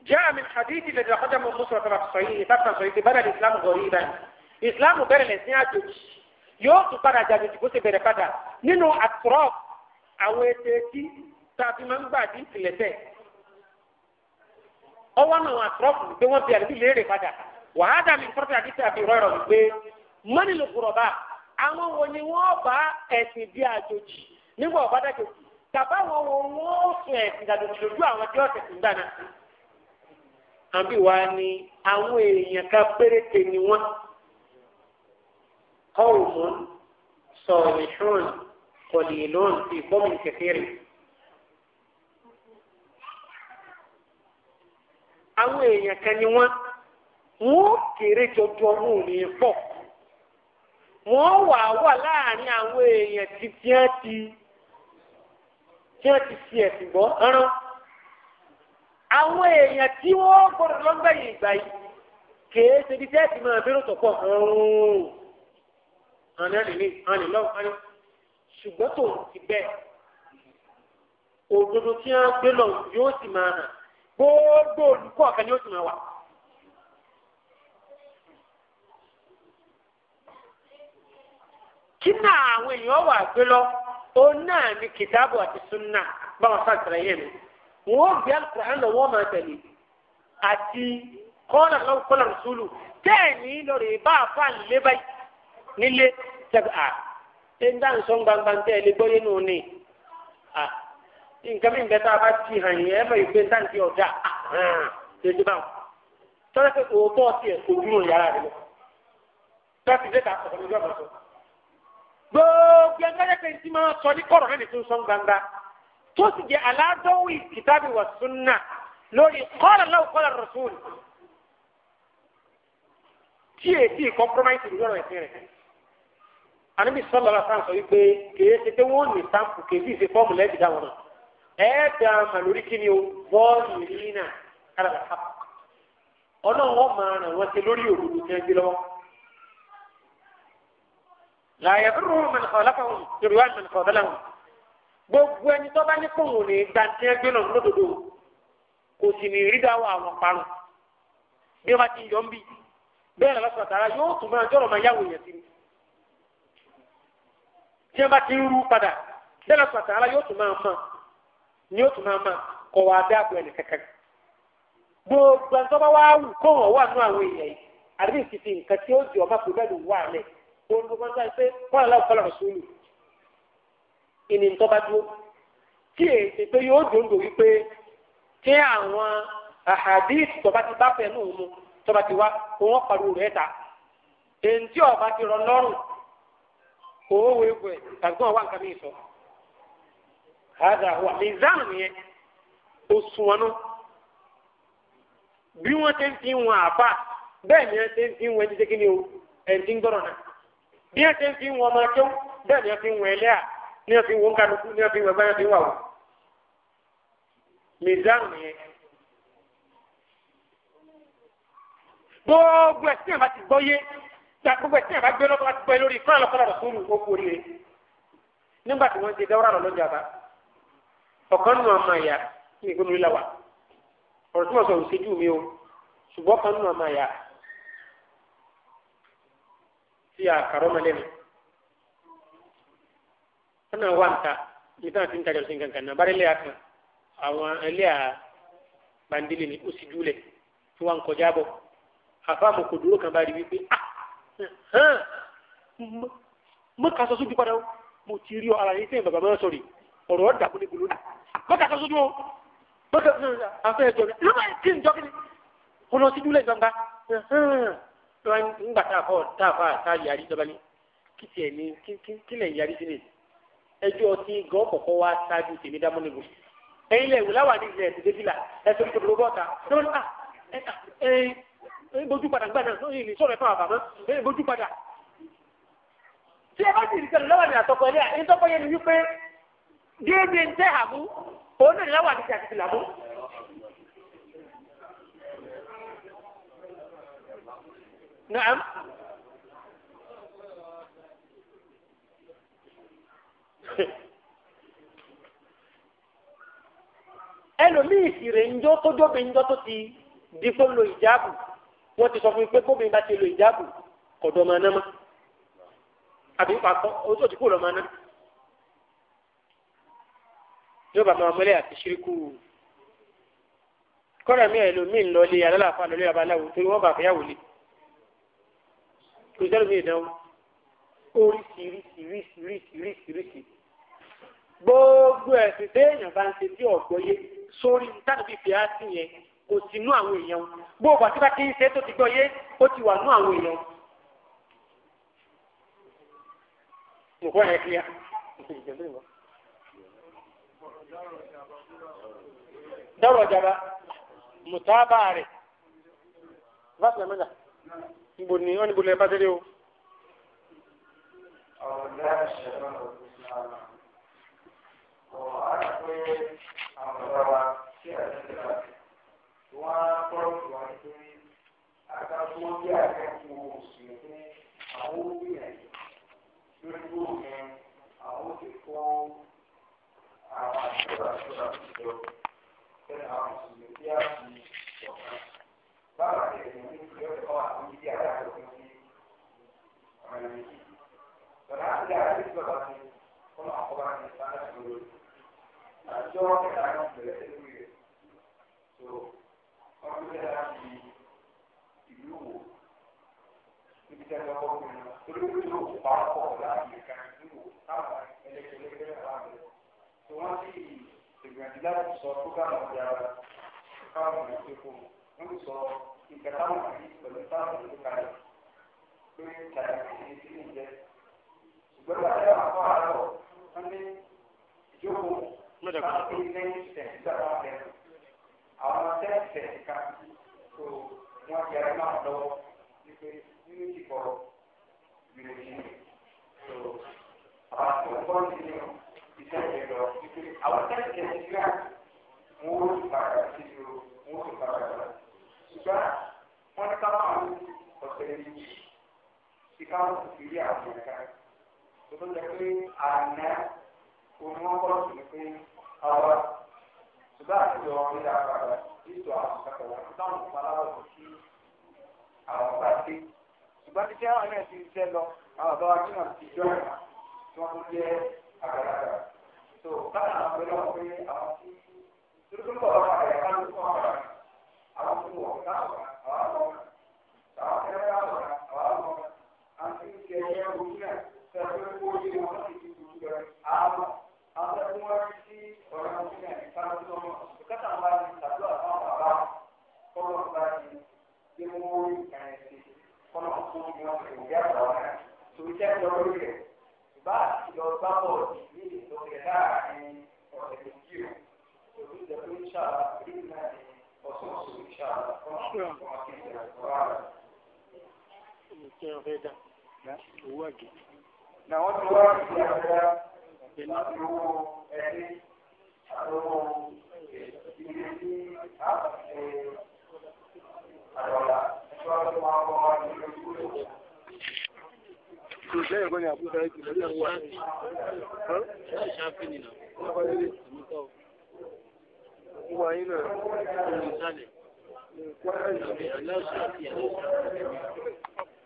جاء من حديث الذي أخرجه من مسلم في الصحيح تبقى صحيح بدأ الإسلام غريبا الإسلام bẹ̀rẹ̀ lẹ́sìn àjòjì yóò tún padà jáde tí kò sì bẹ̀rẹ̀ padà تابي من àwọn ètò ọwọ́ náà wọn àtúrọ́pù pé wọ́n fi àdébí léèrè padà wàá dàbí kọ́tà àdìsí àfi rọrọ̀ wípé mọ́nì ló kúrọ̀ bá àwọn wo ni wọ́n bá ẹ̀sìn bí àjòjì nígbà ọ̀bá dàjòjì tàbá wọn wo wọ́n sùn ẹ̀sìn dàjòjì lójú àwọn tí ọ̀sẹ̀ ti gbà náà. àbí wa ni àwọn èèyàn ká péréte ni wọ́n kọ́ òmùn sọ̀rọ̀ ìṣòro kọ̀lì ìlú ìfọ́mù kẹfẹ́rẹ́ àwọn èèyàn kan ni wọ́n wọ́n kéré jọjọ wọn ò ní pọ̀ wọ́n wà wà láàrin àwọn èèyàn tí tí wọ́n ti tí wọ́n ti fi ẹ̀sìn gbọ́ rán àwọn èèyàn tí wọ́n gbọ́dọ̀ lọ́gbẹ̀yìn ìgbà yìí kèé ṣe bí tẹ́ẹ̀tì máa bẹ̀rù tó pọ̀ ọ̀hún àní àní àní lọ́wọ́ àní ṣùgbọ́n tòun ti bẹ́ẹ̀ òdodo tí wọ́n gbé lọ yóò sì máa hàn gbogbo olùkọ́ ọ̀kan ni ó ti mọ̀ kí náà àwọn èèyàn wà gbé lọ òun náà ni kìtàbù àti sunna báwọn sáà tẹ̀lé yẹn mi wọ́n gbé alukur'an lọ wọ́n máa àti lọ́wọ́ a fà báyìí nílé tẹ́gbà ẹ̀ ń nù ní. nǹkan mi ń bẹ a bá ti hàn yẹn ẹ bẹ ìgbé sáǹtì ọ̀dà ṣèṣe ah, ah, báwọn tọ́lá pé òótọ́ ọtí ẹ̀ kò dúró yàrá rẹ lọ tọ́lá ti dé ta ọ̀sán lójú ọ̀sán gbogbo ẹgbẹ́ pé ntí máa sọ ní kọ̀rọ̀ lẹ́nu tó ń sọ́n gbangba tó sì jẹ́ aládọ́wì kìtàbí wà súnà lórí qala Allahu qala Rasul tí èsì compromise lórí ọ̀rọ̀ ẹ̀sìn rẹ̀ àníbi sọ́lọ́lá sáà sọ wípé kèé ṣe pé wọ́n ní sáǹpù kèé sì ṣe fọ́ọ̀mù lẹ́ẹ̀dì ẹ̀ẹ́dà màlúrí kí ni o bọ́ọ̀lù yìí náà kálábà ká ọlọ́run wọn máa ràn wọ́n ṣe lórí òdodo tẹ́ gbé lọ́wọ́. làyẹ̀ fún wọn mẹ́rin kọ́ lápá wọn torí wọn mẹ́rin kọ́ lọ́la wọn. gbogbo ẹni tó bá ní kó wọn ní dantẹ́ gbé lọ́wọ́ lódodo kò sì ní rí dáwọ́ àwọn parun bí wọ́n ti yọ̀ ń bì bẹ́ẹ̀ lọ́sọ̀ tààrà yóò tún máa jọ̀rọ̀ máa yáwò yẹn sí ni. tí wọ́n bá ti ń rú padà bẹ́ẹ̀ lọ́sọ̀ tààrà yóò tún máa fọ́n ni ó tún máa ma kọ̀ wá dé àpò ẹnì kankan. gbogbo ẹni tó bá wá wù kó wọn wà nú àwọn èèyàn yìí àdébí ti fi nǹkan tí ó di ọmọ pé bẹ́ẹ̀ ló wà lẹ̀ òun ló máa ń sáré pé kọ́lá láwù kọ́lá rẹ̀ sólù ìní tó bá dúró kí èsì pé yóò dòńdò wípé kí àwọn àhàdíìsì tó bá ti bá fẹ́ nù mu tó bá ti wá òun pariwo rẹ̀ ta èyí tí ọba ti rọ lọ́rùn òun wo ẹ̀ tàbí kí wọ́n wá nǹkan mìíràn sọ hada wa mizan nìyẹn òṣùwọ̀n náà bí wọ́n ti ń fi wọn àbá bẹ́ẹ̀ ni wọ́n ti ń fi wọn ẹni tí kìíní o ẹni tí ń gbọ́dọ̀ náà bí wọ́n ti ń fi wọn ọmọ tó bẹ́ẹ̀ ni wọ́n fi wọn ẹlẹ́à ni wọ́n fi wọn kálukú ni wọ́n fi wọn ẹgbẹ́ ni wọ́n fi wà wọ́n mizan nìyẹn. gbogbo ẹ̀sìn àbá ti gbọ́ yé gbogbo ẹ̀sìn àbá gbé lọ́wọ́ láti gbọ́ yé lórí fún àlọ́kọ́lá rẹ̀ fún olùkókò rí rẹ̀ nígbà tí wọ́n ti dẹ́wọ́rà lọ́jà bá ọ̀kan nù ọmọ ẹ̀yà kí ni gómìnà làwà ọ̀rọ̀ tí mo sọ òṣèjú mi o ṣùgbọ́n ọ̀kan nù ọmọ ẹ̀yà tí a kàrọ́ mọ lẹ́nu ọ̀nà wà ń ta nítorí àti ń tajà sí nǹkan kan náà bára ẹlẹ́yà kan àwọn ẹlẹ́yà bandili ni ó sì júlẹ̀ tí wọ́n ń kọjá bọ̀ àfáàmù kò dúró kan bá rí wípé ah, mọ́ kà sọ sójú padà mo ti rí ọ ara ní sẹ́yìn bàbá mọ́ sọ̀rọ̀ ọ̀rọ̀ ọ̀dà kò ní gbòòrò ní. mọ́tà kan sójú o mọ́tà kan sójú àfẹ́ ẹ̀jọ̀ mi ló máa kí n jọ kí ni kò lọ sí dúlẹ̀ gbangba. ńgbà tá a fọ tá a fọ àtà yarí jọba ní kí tiẹ̀ ní kí lẹ̀ yarí sílẹ̀ ẹjọ́ ti gọ́ kọ̀kọ́ wá ṣáájú tèmi dámọ́ níbo ẹ̀yin lẹ̀ wò láwà ní ilẹ̀ ẹ̀sìn débìlà ẹ̀sìn tó dúró bọ́ta bojú padà gbà náà lórí ìlú sọ̀rọ̀ fún àbàmọ́ bojú padà. tí ẹ bá ti rí sẹ́nu lọ́wọ́ ni àtọkọ ẹlẹ́yà ẹni tọ́kọ yẹn ni wípé déédéé ń tẹ́ àbú òun náà láwọn àti àti làbú. Naam. ẹlòmíì ìsìrè ńjọ tó jóbe ńjọ tó ti di kó lo ìjáàbù wọn ti sọ fún mi pé kóbi bá ti lo ìjáàbù kọ̀dọ̀ máa ná ma àbí pàtó ojú òtí kò lọ máa ná ma yóò bá máa mọ́lẹ̀ àti ṣíríkù kọ́ra mi ẹ̀ lómi ńlọlé alálàáfà lọlé babaláwo torí wọ́n bá fẹ́yàwó lé kòtẹ́lù mi ìdánwò oríṣiríṣiríṣiríṣiríṣi gbogbo ẹ̀sìn téèyàn bá ń ṣe tí ọ̀gbọ́yé sórí tàbí fi á sí yẹn kò sí nú àwọn èèyàn gbogbo àti bá ti ń ṣe tó ti gbọ́yé ó ti wà nú àwọn èèyàn. nǹkan ẹ̀ kíá. dọ́rọ̀jàba mùtábà rẹ̀ fásitì mẹ́ta níbo ni wọ́n níbo ni o. táwọn ọ̀gá wa káwọn ọ̀gá ṣe fún un ń sọ ìgbà táwọn ọ̀gá yìí pẹ̀lú táwọn ọ̀gá yìí kalẹ̀ pé kàdà kìí sí ní jẹ. ṣùgbọ́n bàtà àkọ́ àlọ́ wọn ní ìjókòó táwọn ọ̀gá yìí lẹ́yìn ìṣẹ̀ nígbà wọn bẹ̀ àwọn tẹ́ẹ̀tẹ̀ ká tó wọn yẹra náà lọ́wọ́ wípé nínú ìkọ̀ ìròyìn tó àwọn àtọ̀kọ́ nínú ìṣẹ̀lẹ̀ lọ wípé àwọn tẹ́ẹ̀tẹ̀ ti wọn ó sì padà sí i o wọn ó sì padà lọ. ṣùgbọ́n wọ́n ní ká máa ń ọ̀sẹ̀ méjì sí káwọn sì rí àwọn ẹ̀ka. tó tó jẹ pé àná omi wọn kọ́ sí ni pé àwa ṣùgbọ́n àtijọ́ ní àpàdà ìtò àwọn ìpàdà táwọn ìpalábọ̀ kò sí àwọn pàdé. ṣùgbọ́n títí àwọn náà ti tẹ́ lọ àwọn àbáwá tí wọ́n ti jọ ìgbà tí wọ́n tún jẹ́ àgbàlagbà. tó báyìí àwọn ọ̀pẹ̀lọ́pẹ̀ àwọn tí tuntun bá a ti lọ bá bọ̀ ní ìlú kẹta àti ọ̀sẹ̀ méjì o. Now, what do I do? I do any. I don't kò lẹ́yìn ẹ̀gbọ́n ni àbúrò ẹ̀jẹ̀ lórí àwọn ọ̀rẹ́ rẹ̀ wà nínú olùsàlẹ̀. Ìyàlá ọ̀sẹ̀ àti ìyàlá ọ̀sẹ̀.